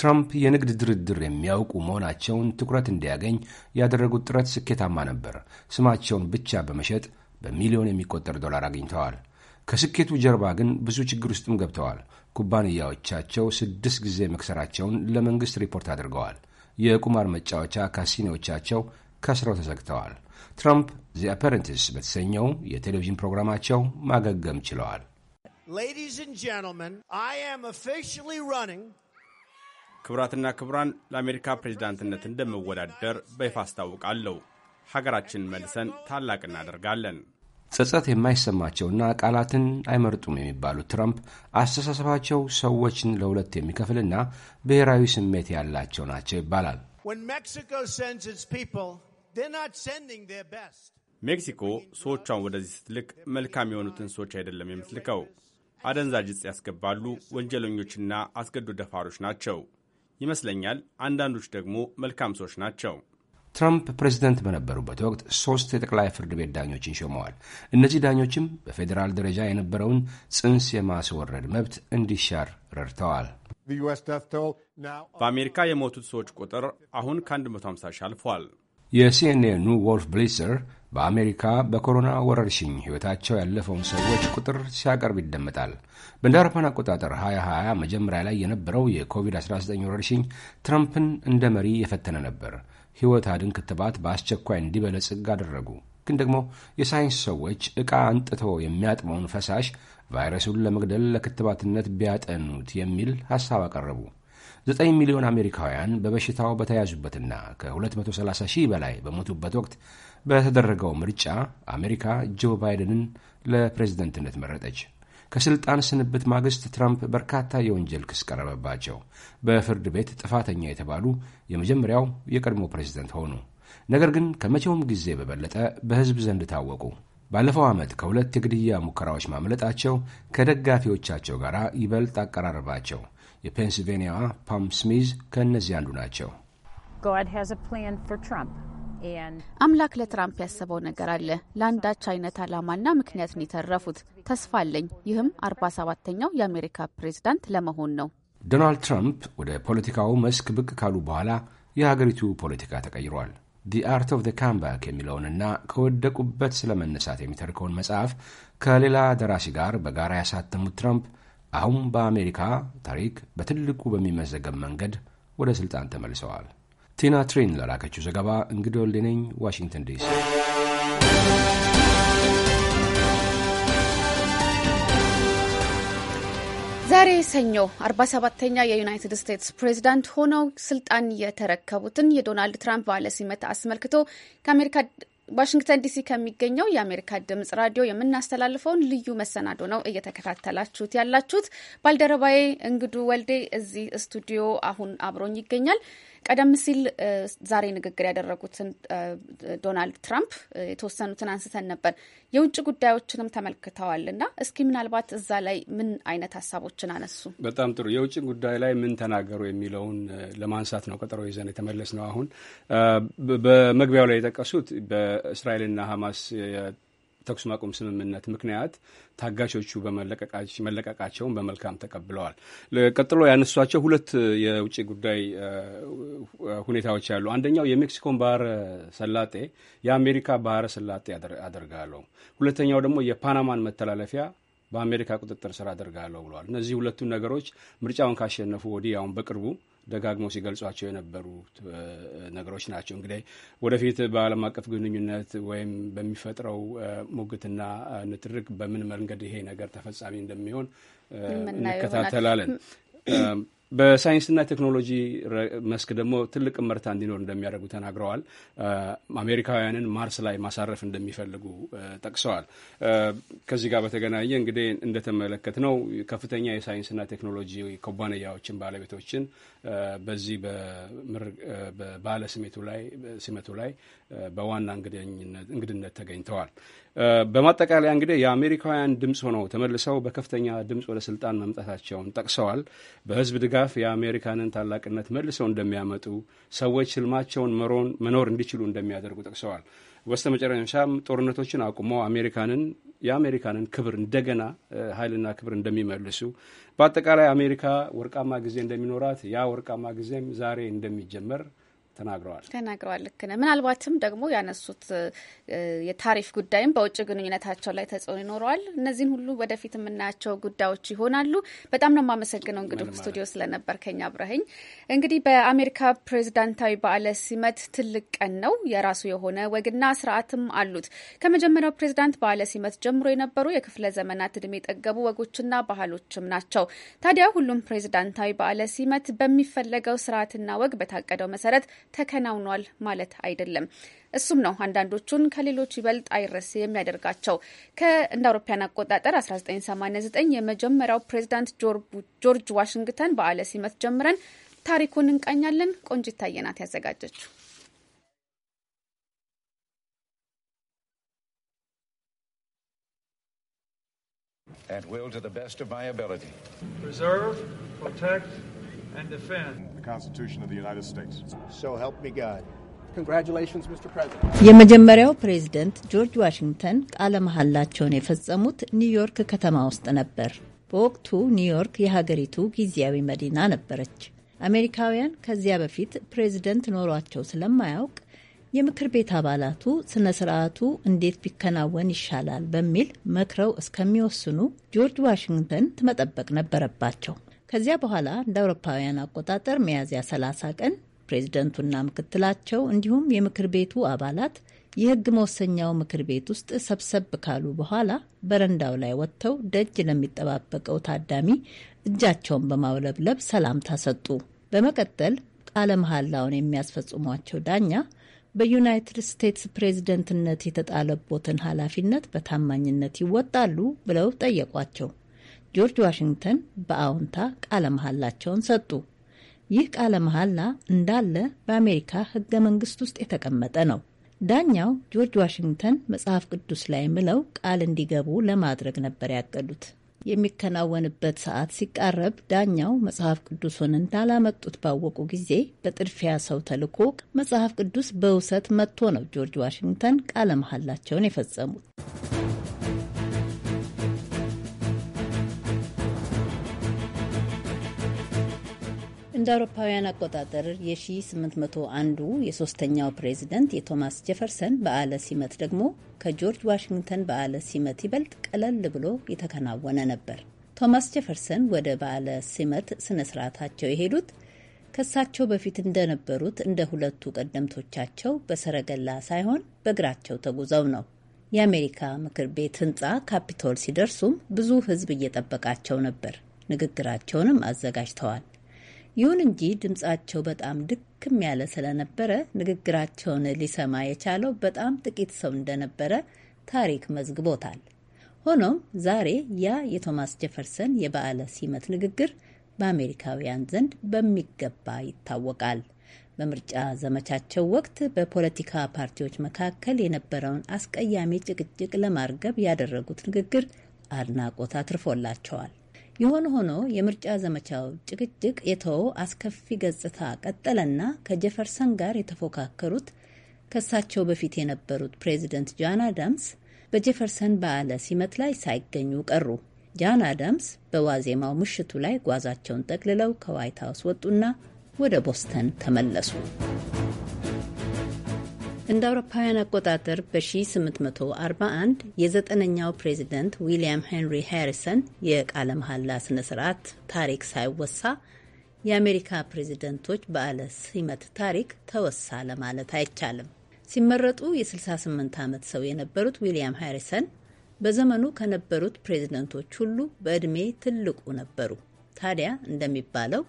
ትራምፕ የንግድ ድርድር የሚያውቁ መሆናቸውን ትኩረት እንዲያገኝ ያደረጉት ጥረት ስኬታማ ነበር። ስማቸውን ብቻ በመሸጥ በሚሊዮን የሚቆጠር ዶላር አግኝተዋል። ከስኬቱ ጀርባ ግን ብዙ ችግር ውስጥም ገብተዋል። ኩባንያዎቻቸው ስድስት ጊዜ መክሰራቸውን ለመንግሥት ሪፖርት አድርገዋል። የቁማር መጫወቻ ካሲኖዎቻቸው ከስረው ተዘግተዋል። ትራምፕ ዚ አፐረንቲስ በተሰኘው የቴሌቪዥን ፕሮግራማቸው ማገገም ችለዋል። ክቡራትና ክቡራን ለአሜሪካ ፕሬዚዳንትነት እንደምወዳደር በይፋ አስታውቃለሁ። ሀገራችንን መልሰን ታላቅ እናደርጋለን። ጸጸት የማይሰማቸውና ቃላትን አይመርጡም የሚባሉት ትራምፕ አስተሳሰባቸው ሰዎችን ለሁለት የሚከፍልና ብሔራዊ ስሜት ያላቸው ናቸው ይባላል። ሜክሲኮ ሰዎቿን ወደዚህ ስትልክ መልካም የሆኑትን ሰዎች አይደለም የምትልከው። አደንዛዥ ዕፅ ያስገባሉ፣ ወንጀለኞችና አስገዶ ደፋሮች ናቸው። ይመስለኛል። አንዳንዶች ደግሞ መልካም ሰዎች ናቸው። ትራምፕ ፕሬዚደንት በነበሩበት ወቅት ሶስት የጠቅላይ ፍርድ ቤት ዳኞችን ሾመዋል። እነዚህ ዳኞችም በፌዴራል ደረጃ የነበረውን ጽንስ የማስወረድ መብት እንዲሻር ረድተዋል። በአሜሪካ የሞቱት ሰዎች ቁጥር አሁን ከ150 ሺህ አልፏል። የሲኤንኤኑ ዎልፍ ብሊሰር በአሜሪካ በኮሮና ወረርሽኝ ሕይወታቸው ያለፈውን ሰዎች ቁጥር ሲያቀርብ ይደመጣል። በእንደ አውሮፓውያን አቆጣጠር 2020 መጀመሪያ ላይ የነበረው የኮቪድ-19 ወረርሽኝ ትራምፕን እንደ መሪ የፈተነ ነበር። ሕይወት አድን ክትባት በአስቸኳይ እንዲበለጽግ አደረጉ። ግን ደግሞ የሳይንስ ሰዎች ዕቃ አንጥቶ የሚያጥመውን ፈሳሽ ቫይረሱን ለመግደል ለክትባትነት ቢያጠኑት የሚል ሐሳብ አቀረቡ። 9 ሚሊዮን አሜሪካውያን በበሽታው በተያዙበትና ከ230 ሺህ በላይ በሞቱበት ወቅት በተደረገው ምርጫ አሜሪካ ጆ ባይደንን ለፕሬዝደንትነት መረጠች። ከስልጣን ስንብት ማግስት ትራምፕ በርካታ የወንጀል ክስ ቀረበባቸው። በፍርድ ቤት ጥፋተኛ የተባሉ የመጀመሪያው የቀድሞ ፕሬዝደንት ሆኑ። ነገር ግን ከመቼውም ጊዜ በበለጠ በሕዝብ ዘንድ ታወቁ። ባለፈው ዓመት ከሁለት የግድያ ሙከራዎች ማምለጣቸው ከደጋፊዎቻቸው ጋር ይበልጥ አቀራረባቸው። የፔንስልቬንያዋ ፓም ስሚዝ ከእነዚህ አንዱ ናቸው። አምላክ ለትራምፕ ያሰበው ነገር አለ። ለአንዳች አይነት ዓላማና ምክንያት ነው የተረፉት። ተስፋ አለኝ። ይህም አርባ ሰባተኛው የአሜሪካ ፕሬዝዳንት ለመሆን ነው። ዶናልድ ትራምፕ ወደ ፖለቲካው መስክ ብቅ ካሉ በኋላ የሀገሪቱ ፖለቲካ ተቀይሯል። ዲ አርት ኦፍ ዘ ካምባክ የሚለውንና ከወደቁበት ስለ መነሳት የሚተርከውን መጽሐፍ ከሌላ ደራሲ ጋር በጋራ ያሳተሙት ትራምፕ አሁን በአሜሪካ ታሪክ በትልቁ በሚመዘገብ መንገድ ወደ ሥልጣን ተመልሰዋል። ቲና ትሬን ለላከችው ዘገባ እንግዲህ ወልዴ ነኝ፣ ዋሽንግተን ዲሲ። ዛሬ ሰኞ 47ተኛ የዩናይትድ ስቴትስ ፕሬዚዳንት ሆነው ስልጣን የተረከቡትን የዶናልድ ትራምፕ በዓለ ሲመት አስመልክቶ ከአሜሪካ ዋሽንግተን ዲሲ ከሚገኘው የአሜሪካ ድምጽ ራዲዮ የምናስተላልፈውን ልዩ መሰናዶ ነው እየተከታተላችሁት ያላችሁት። ባልደረባዬ እንግዱ ወልዴ እዚህ ስቱዲዮ አሁን አብሮኝ ይገኛል። ቀደም ሲል ዛሬ ንግግር ያደረጉትን ዶናልድ ትራምፕ የተወሰኑትን አንስተን ነበር። የውጭ ጉዳዮችንም ተመልክተዋል እና እስኪ ምናልባት እዛ ላይ ምን አይነት ሀሳቦችን አነሱ? በጣም ጥሩ። የውጭ ጉዳይ ላይ ምን ተናገሩ የሚለውን ለማንሳት ነው ቀጠሮ ይዘን የተመለስ ነው። አሁን በመግቢያው ላይ የጠቀሱት በእስራኤልና ሀማስ ተኩስ ማቆም ስምምነት ምክንያት ታጋቾቹ መለቀቃቸውን በመልካም ተቀብለዋል። ቀጥሎ ያነሷቸው ሁለት የውጭ ጉዳይ ሁኔታዎች አሉ። አንደኛው የሜክሲኮን ባህረ ሰላጤ የአሜሪካ ባህረ ሰላጤ አደርጋለሁ፣ ሁለተኛው ደግሞ የፓናማን መተላለፊያ በአሜሪካ ቁጥጥር ስር አደርጋለሁ ብለዋል። እነዚህ ሁለቱ ነገሮች ምርጫውን ካሸነፉ ወዲህ አሁን በቅርቡ ደጋግሞ ሲገልጿቸው የነበሩ ነገሮች ናቸው። እንግዲህ ወደፊት በዓለም አቀፍ ግንኙነት ወይም በሚፈጥረው ሙግትና ንትርክ በምን መንገድ ይሄ ነገር ተፈጻሚ እንደሚሆን እንከታተላለን። በሳይንስና ቴክኖሎጂ መስክ ደግሞ ትልቅ ምርታ እንዲኖር እንደሚያደርጉ ተናግረዋል። አሜሪካውያንን ማርስ ላይ ማሳረፍ እንደሚፈልጉ ጠቅሰዋል። ከዚህ ጋር በተገናኘ እንግዲህ እንደተመለከት ነው ከፍተኛ የሳይንስና ቴክኖሎጂ ኩባንያዎችን ባለቤቶችን በዚህ በባለ ስሜቱ ላይ በዋና እንግድነት ተገኝተዋል። በማጠቃለያ እንግዲህ የአሜሪካውያን ድምፅ ሆነው ተመልሰው በከፍተኛ ድምፅ ወደ ስልጣን መምጣታቸውን ጠቅሰዋል። በህዝብ ድጋ ድጋፍ የአሜሪካንን ታላቅነት መልሰው እንደሚያመጡ፣ ሰዎች ህልማቸውን መኖር እንዲችሉ እንደሚያደርጉ ጠቅሰዋል። በስተ መጨረሻም ጦርነቶችን አቁመው አሜሪካንን የአሜሪካንን ክብር እንደገና ኃይልና ክብር እንደሚመልሱ በአጠቃላይ አሜሪካ ወርቃማ ጊዜ እንደሚኖራት ያ ወርቃማ ጊዜም ዛሬ እንደሚጀመር ተናግረዋል ተናግረዋል። ልክ ነህ። ምናልባትም ደግሞ ያነሱት የታሪፍ ጉዳይም በውጭ ግንኙነታቸው ላይ ተጽዕኖ ይኖረዋል። እነዚህን ሁሉ ወደፊት የምናያቸው ጉዳዮች ይሆናሉ። በጣም ነው የማመሰግነው እንግዲህ ስቱዲዮ ስለነበር ከኛ ብረህኝ። እንግዲህ በአሜሪካ ፕሬዚዳንታዊ በዓለ ሲመት ትልቅ ቀን ነው። የራሱ የሆነ ወግና ስርዓትም አሉት። ከመጀመሪያው ፕሬዚዳንት በዓለ ሲመት ጀምሮ የነበሩ የክፍለ ዘመናት እድሜ የጠገቡ ወጎችና ባህሎችም ናቸው። ታዲያ ሁሉም ፕሬዚዳንታዊ በዓለ ሲመት በሚፈለገው ስርዓትና ወግ በታቀደው መሰረት ተከናውኗል ማለት አይደለም። እሱም ነው አንዳንዶቹን ከሌሎች ይበልጥ አይረሴ የሚያደርጋቸው። እንደ አውሮፓያን አቆጣጠር 1989 የመጀመሪያው ፕሬዚዳንት ጆርጅ ዋሽንግተን በዓለ ሲመት ጀምረን ታሪኩን እንቃኛለን። ቆንጂት ታየናት ያዘጋጀችው። and will to the best of my ability. Preserve, protect, and defend the Constitution of the United States. So help me God. Congratulations, Mr. President. የመጀመሪያው ፕሬዝደንት ጆርጅ ዋሽንግተን ቃለ መሐላቸውን የፈጸሙት ኒውዮርክ ከተማ ውስጥ ነበር። በወቅቱ ኒውዮርክ የሀገሪቱ ጊዜያዊ መዲና ነበረች። አሜሪካውያን ከዚያ በፊት ፕሬዝደንት ኖሯቸው ስለማያውቅ የምክር ቤት አባላቱ ስነ ስርዓቱ እንዴት ቢከናወን ይሻላል በሚል መክረው እስከሚወስኑ ጆርጅ ዋሽንግተን መጠበቅ ነበረባቸው። ከዚያ በኋላ እንደ አውሮፓውያን አቆጣጠር ሚያዝያ 30 ቀን ፕሬዝደንቱና ምክትላቸው እንዲሁም የምክር ቤቱ አባላት የህግ መወሰኛው ምክር ቤት ውስጥ ሰብሰብ ካሉ በኋላ በረንዳው ላይ ወጥተው ደጅ ለሚጠባበቀው ታዳሚ እጃቸውን በማውለብለብ ሰላምታ ሰጡ። በመቀጠል ቃለ መሐላውን የሚያስፈጽሟቸው ዳኛ በዩናይትድ ስቴትስ ፕሬዝደንትነት የተጣለቦትን ኃላፊነት በታማኝነት ይወጣሉ ብለው ጠየቋቸው። ጆርጅ ዋሽንግተን በአዎንታ ቃለ መሐላቸውን ሰጡ። ይህ ቃለ መሐላ እንዳለ በአሜሪካ ሕገ መንግስት ውስጥ የተቀመጠ ነው። ዳኛው ጆርጅ ዋሽንግተን መጽሐፍ ቅዱስ ላይ ምለው ቃል እንዲገቡ ለማድረግ ነበር ያቀዱት። የሚከናወንበት ሰዓት ሲቃረብ ዳኛው መጽሐፍ ቅዱሱን እንዳላመጡት ባወቁ ጊዜ በጥድፊያ ሰው ተልኮ መጽሐፍ ቅዱስ በውሰት መጥቶ ነው ጆርጅ ዋሽንግተን ቃለ መሐላቸውን የፈጸሙት። እንደ አውሮፓውያን አቆጣጠር የ 1801 አንዱ የሶስተኛው ፕሬዚደንት የቶማስ ጄፈርሰን በዓለ ሲመት ደግሞ ከጆርጅ ዋሽንግተን በዓለ ሲመት ይበልጥ ቀለል ብሎ የተከናወነ ነበር። ቶማስ ጄፈርሰን ወደ በዓለ ሲመት ስነ ስርዓታቸው የሄዱት ከሳቸው በፊት እንደነበሩት እንደ ሁለቱ ቀደምቶቻቸው በሰረገላ ሳይሆን በእግራቸው ተጉዘው ነው። የአሜሪካ ምክር ቤት ህንፃ ካፒቶል ሲደርሱም ብዙ ህዝብ እየጠበቃቸው ነበር። ንግግራቸውንም አዘጋጅተዋል። ይሁን እንጂ ድምጻቸው በጣም ድክም ያለ ስለነበረ ንግግራቸውን ሊሰማ የቻለው በጣም ጥቂት ሰው እንደነበረ ታሪክ መዝግቦታል። ሆኖም ዛሬ ያ የቶማስ ጄፈርሰን የበዓለ ሲመት ንግግር በአሜሪካውያን ዘንድ በሚገባ ይታወቃል። በምርጫ ዘመቻቸው ወቅት በፖለቲካ ፓርቲዎች መካከል የነበረውን አስቀያሚ ጭቅጭቅ ለማርገብ ያደረጉት ንግግር አድናቆት አትርፎላቸዋል። የሆነ ሆኖ የምርጫ ዘመቻው ጭቅጭቅ የተወ አስከፊ ገጽታ ቀጠለና ከጀፈርሰን ጋር የተፎካከሩት ከሳቸው በፊት የነበሩት ፕሬዚደንት ጃን አዳምስ በጄፈርሰን በዓለ ሲመት ላይ ሳይገኙ ቀሩ። ጃን አዳምስ በዋዜማው ምሽቱ ላይ ጓዛቸውን ጠቅልለው ከዋይት ሀውስ ወጡና ወደ ቦስተን ተመለሱ። እንደ አውሮፓውያን አቆጣጠር በ1841 የዘጠነኛው ፕሬዚደንት ዊልያም ሄንሪ ሃሪሰን የቃለ መሐላ ስነ ስርዓት ታሪክ ሳይወሳ የአሜሪካ ፕሬዚደንቶች በዓለ ሲመት ታሪክ ተወሳ ለማለት አይቻልም። ሲመረጡ የ68 ዓመት ሰው የነበሩት ዊልያም ሃሪሰን በዘመኑ ከነበሩት ፕሬዚደንቶች ሁሉ በዕድሜ ትልቁ ነበሩ። ታዲያ እንደሚባለው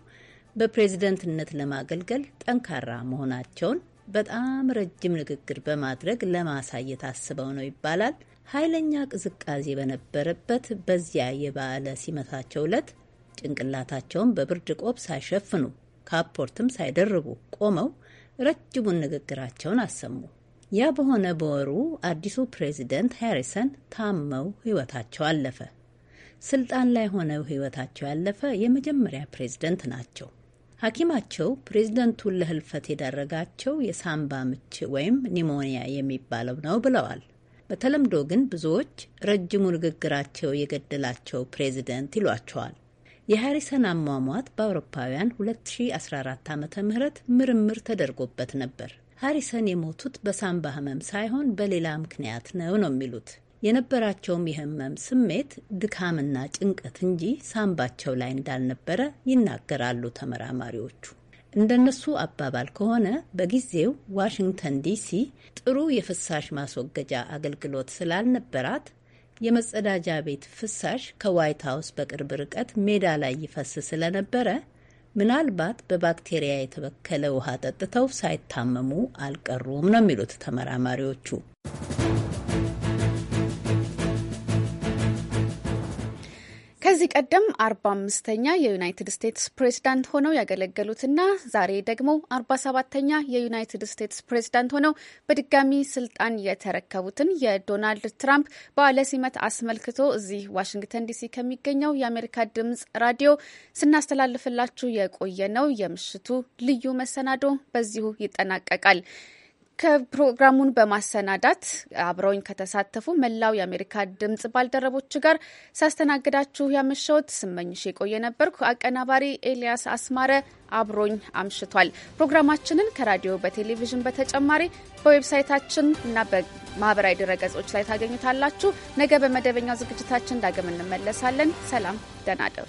በፕሬዝደንትነት ለማገልገል ጠንካራ መሆናቸውን በጣም ረጅም ንግግር በማድረግ ለማሳየት አስበው ነው ይባላል። ኃይለኛ ቅዝቃዜ በነበረበት በዚያ የበዓለ ሲመታቸው ዕለት ጭንቅላታቸውን በብርድ ቆብ ሳይሸፍኑ ካፖርትም ሳይደርቡ ቆመው ረጅሙን ንግግራቸውን አሰሙ። ያ በሆነ በወሩ አዲሱ ፕሬዚደንት ሃሪሰን ታመው ሕይወታቸው አለፈ። ስልጣን ላይ ሆነው ሕይወታቸው ያለፈ የመጀመሪያ ፕሬዝደንት ናቸው። ሐኪማቸው ፕሬዝደንቱን ለህልፈት የዳረጋቸው የሳምባ ምች ወይም ኒሞኒያ የሚባለው ነው ብለዋል። በተለምዶ ግን ብዙዎች ረጅሙ ንግግራቸው የገደላቸው ፕሬዝደንት ይሏቸዋል። የሃሪሰን አሟሟት በአውሮፓውያን 2014 ዓ ም ምርምር ተደርጎበት ነበር። ሃሪሰን የሞቱት በሳምባ ህመም ሳይሆን በሌላ ምክንያት ነው ነው የሚሉት የነበራቸውም የህመም ስሜት ድካምና ጭንቀት እንጂ ሳምባቸው ላይ እንዳልነበረ ይናገራሉ ተመራማሪዎቹ። እንደነሱ አባባል ከሆነ በጊዜው ዋሽንግተን ዲሲ ጥሩ የፍሳሽ ማስወገጃ አገልግሎት ስላልነበራት የመጸዳጃ ቤት ፍሳሽ ከዋይት ሀውስ በቅርብ ርቀት ሜዳ ላይ ይፈስ ስለነበረ ምናልባት በባክቴሪያ የተበከለ ውሃ ጠጥተው ሳይታመሙ አልቀሩም ነው የሚሉት ተመራማሪዎቹ። ከዚህ ቀደም አርባ አምስተኛ የዩናይትድ ስቴትስ ፕሬዝዳንት ሆነው ያገለገሉትና ዛሬ ደግሞ አርባ ሰባተኛ የዩናይትድ ስቴትስ ፕሬዝዳንት ሆነው በድጋሚ ስልጣን የተረከቡትን የዶናልድ ትራምፕ በዓለ ሲመት አስመልክቶ እዚህ ዋሽንግተን ዲሲ ከሚገኘው የአሜሪካ ድምጽ ራዲዮ ስናስተላልፍላችሁ የቆየ ነው። የምሽቱ ልዩ መሰናዶ በዚሁ ይጠናቀቃል። ከፕሮግራሙን በማሰናዳት አብረውኝ ከተሳተፉ መላው የአሜሪካ ድምጽ ባልደረቦች ጋር ሳስተናግዳችሁ ያመሸሁት ስመኝሽ የቆየ ነበርኩ። አቀናባሪ ኤልያስ አስማረ አብሮኝ አምሽቷል። ፕሮግራማችንን ከራዲዮ በቴሌቪዥን በተጨማሪ በዌብሳይታችን እና በማህበራዊ ድረገጾች ላይ ታገኙታላችሁ። ነገ በመደበኛው ዝግጅታችን ዳግም እንመለሳለን። ሰላም፣ ደህና እደሩ።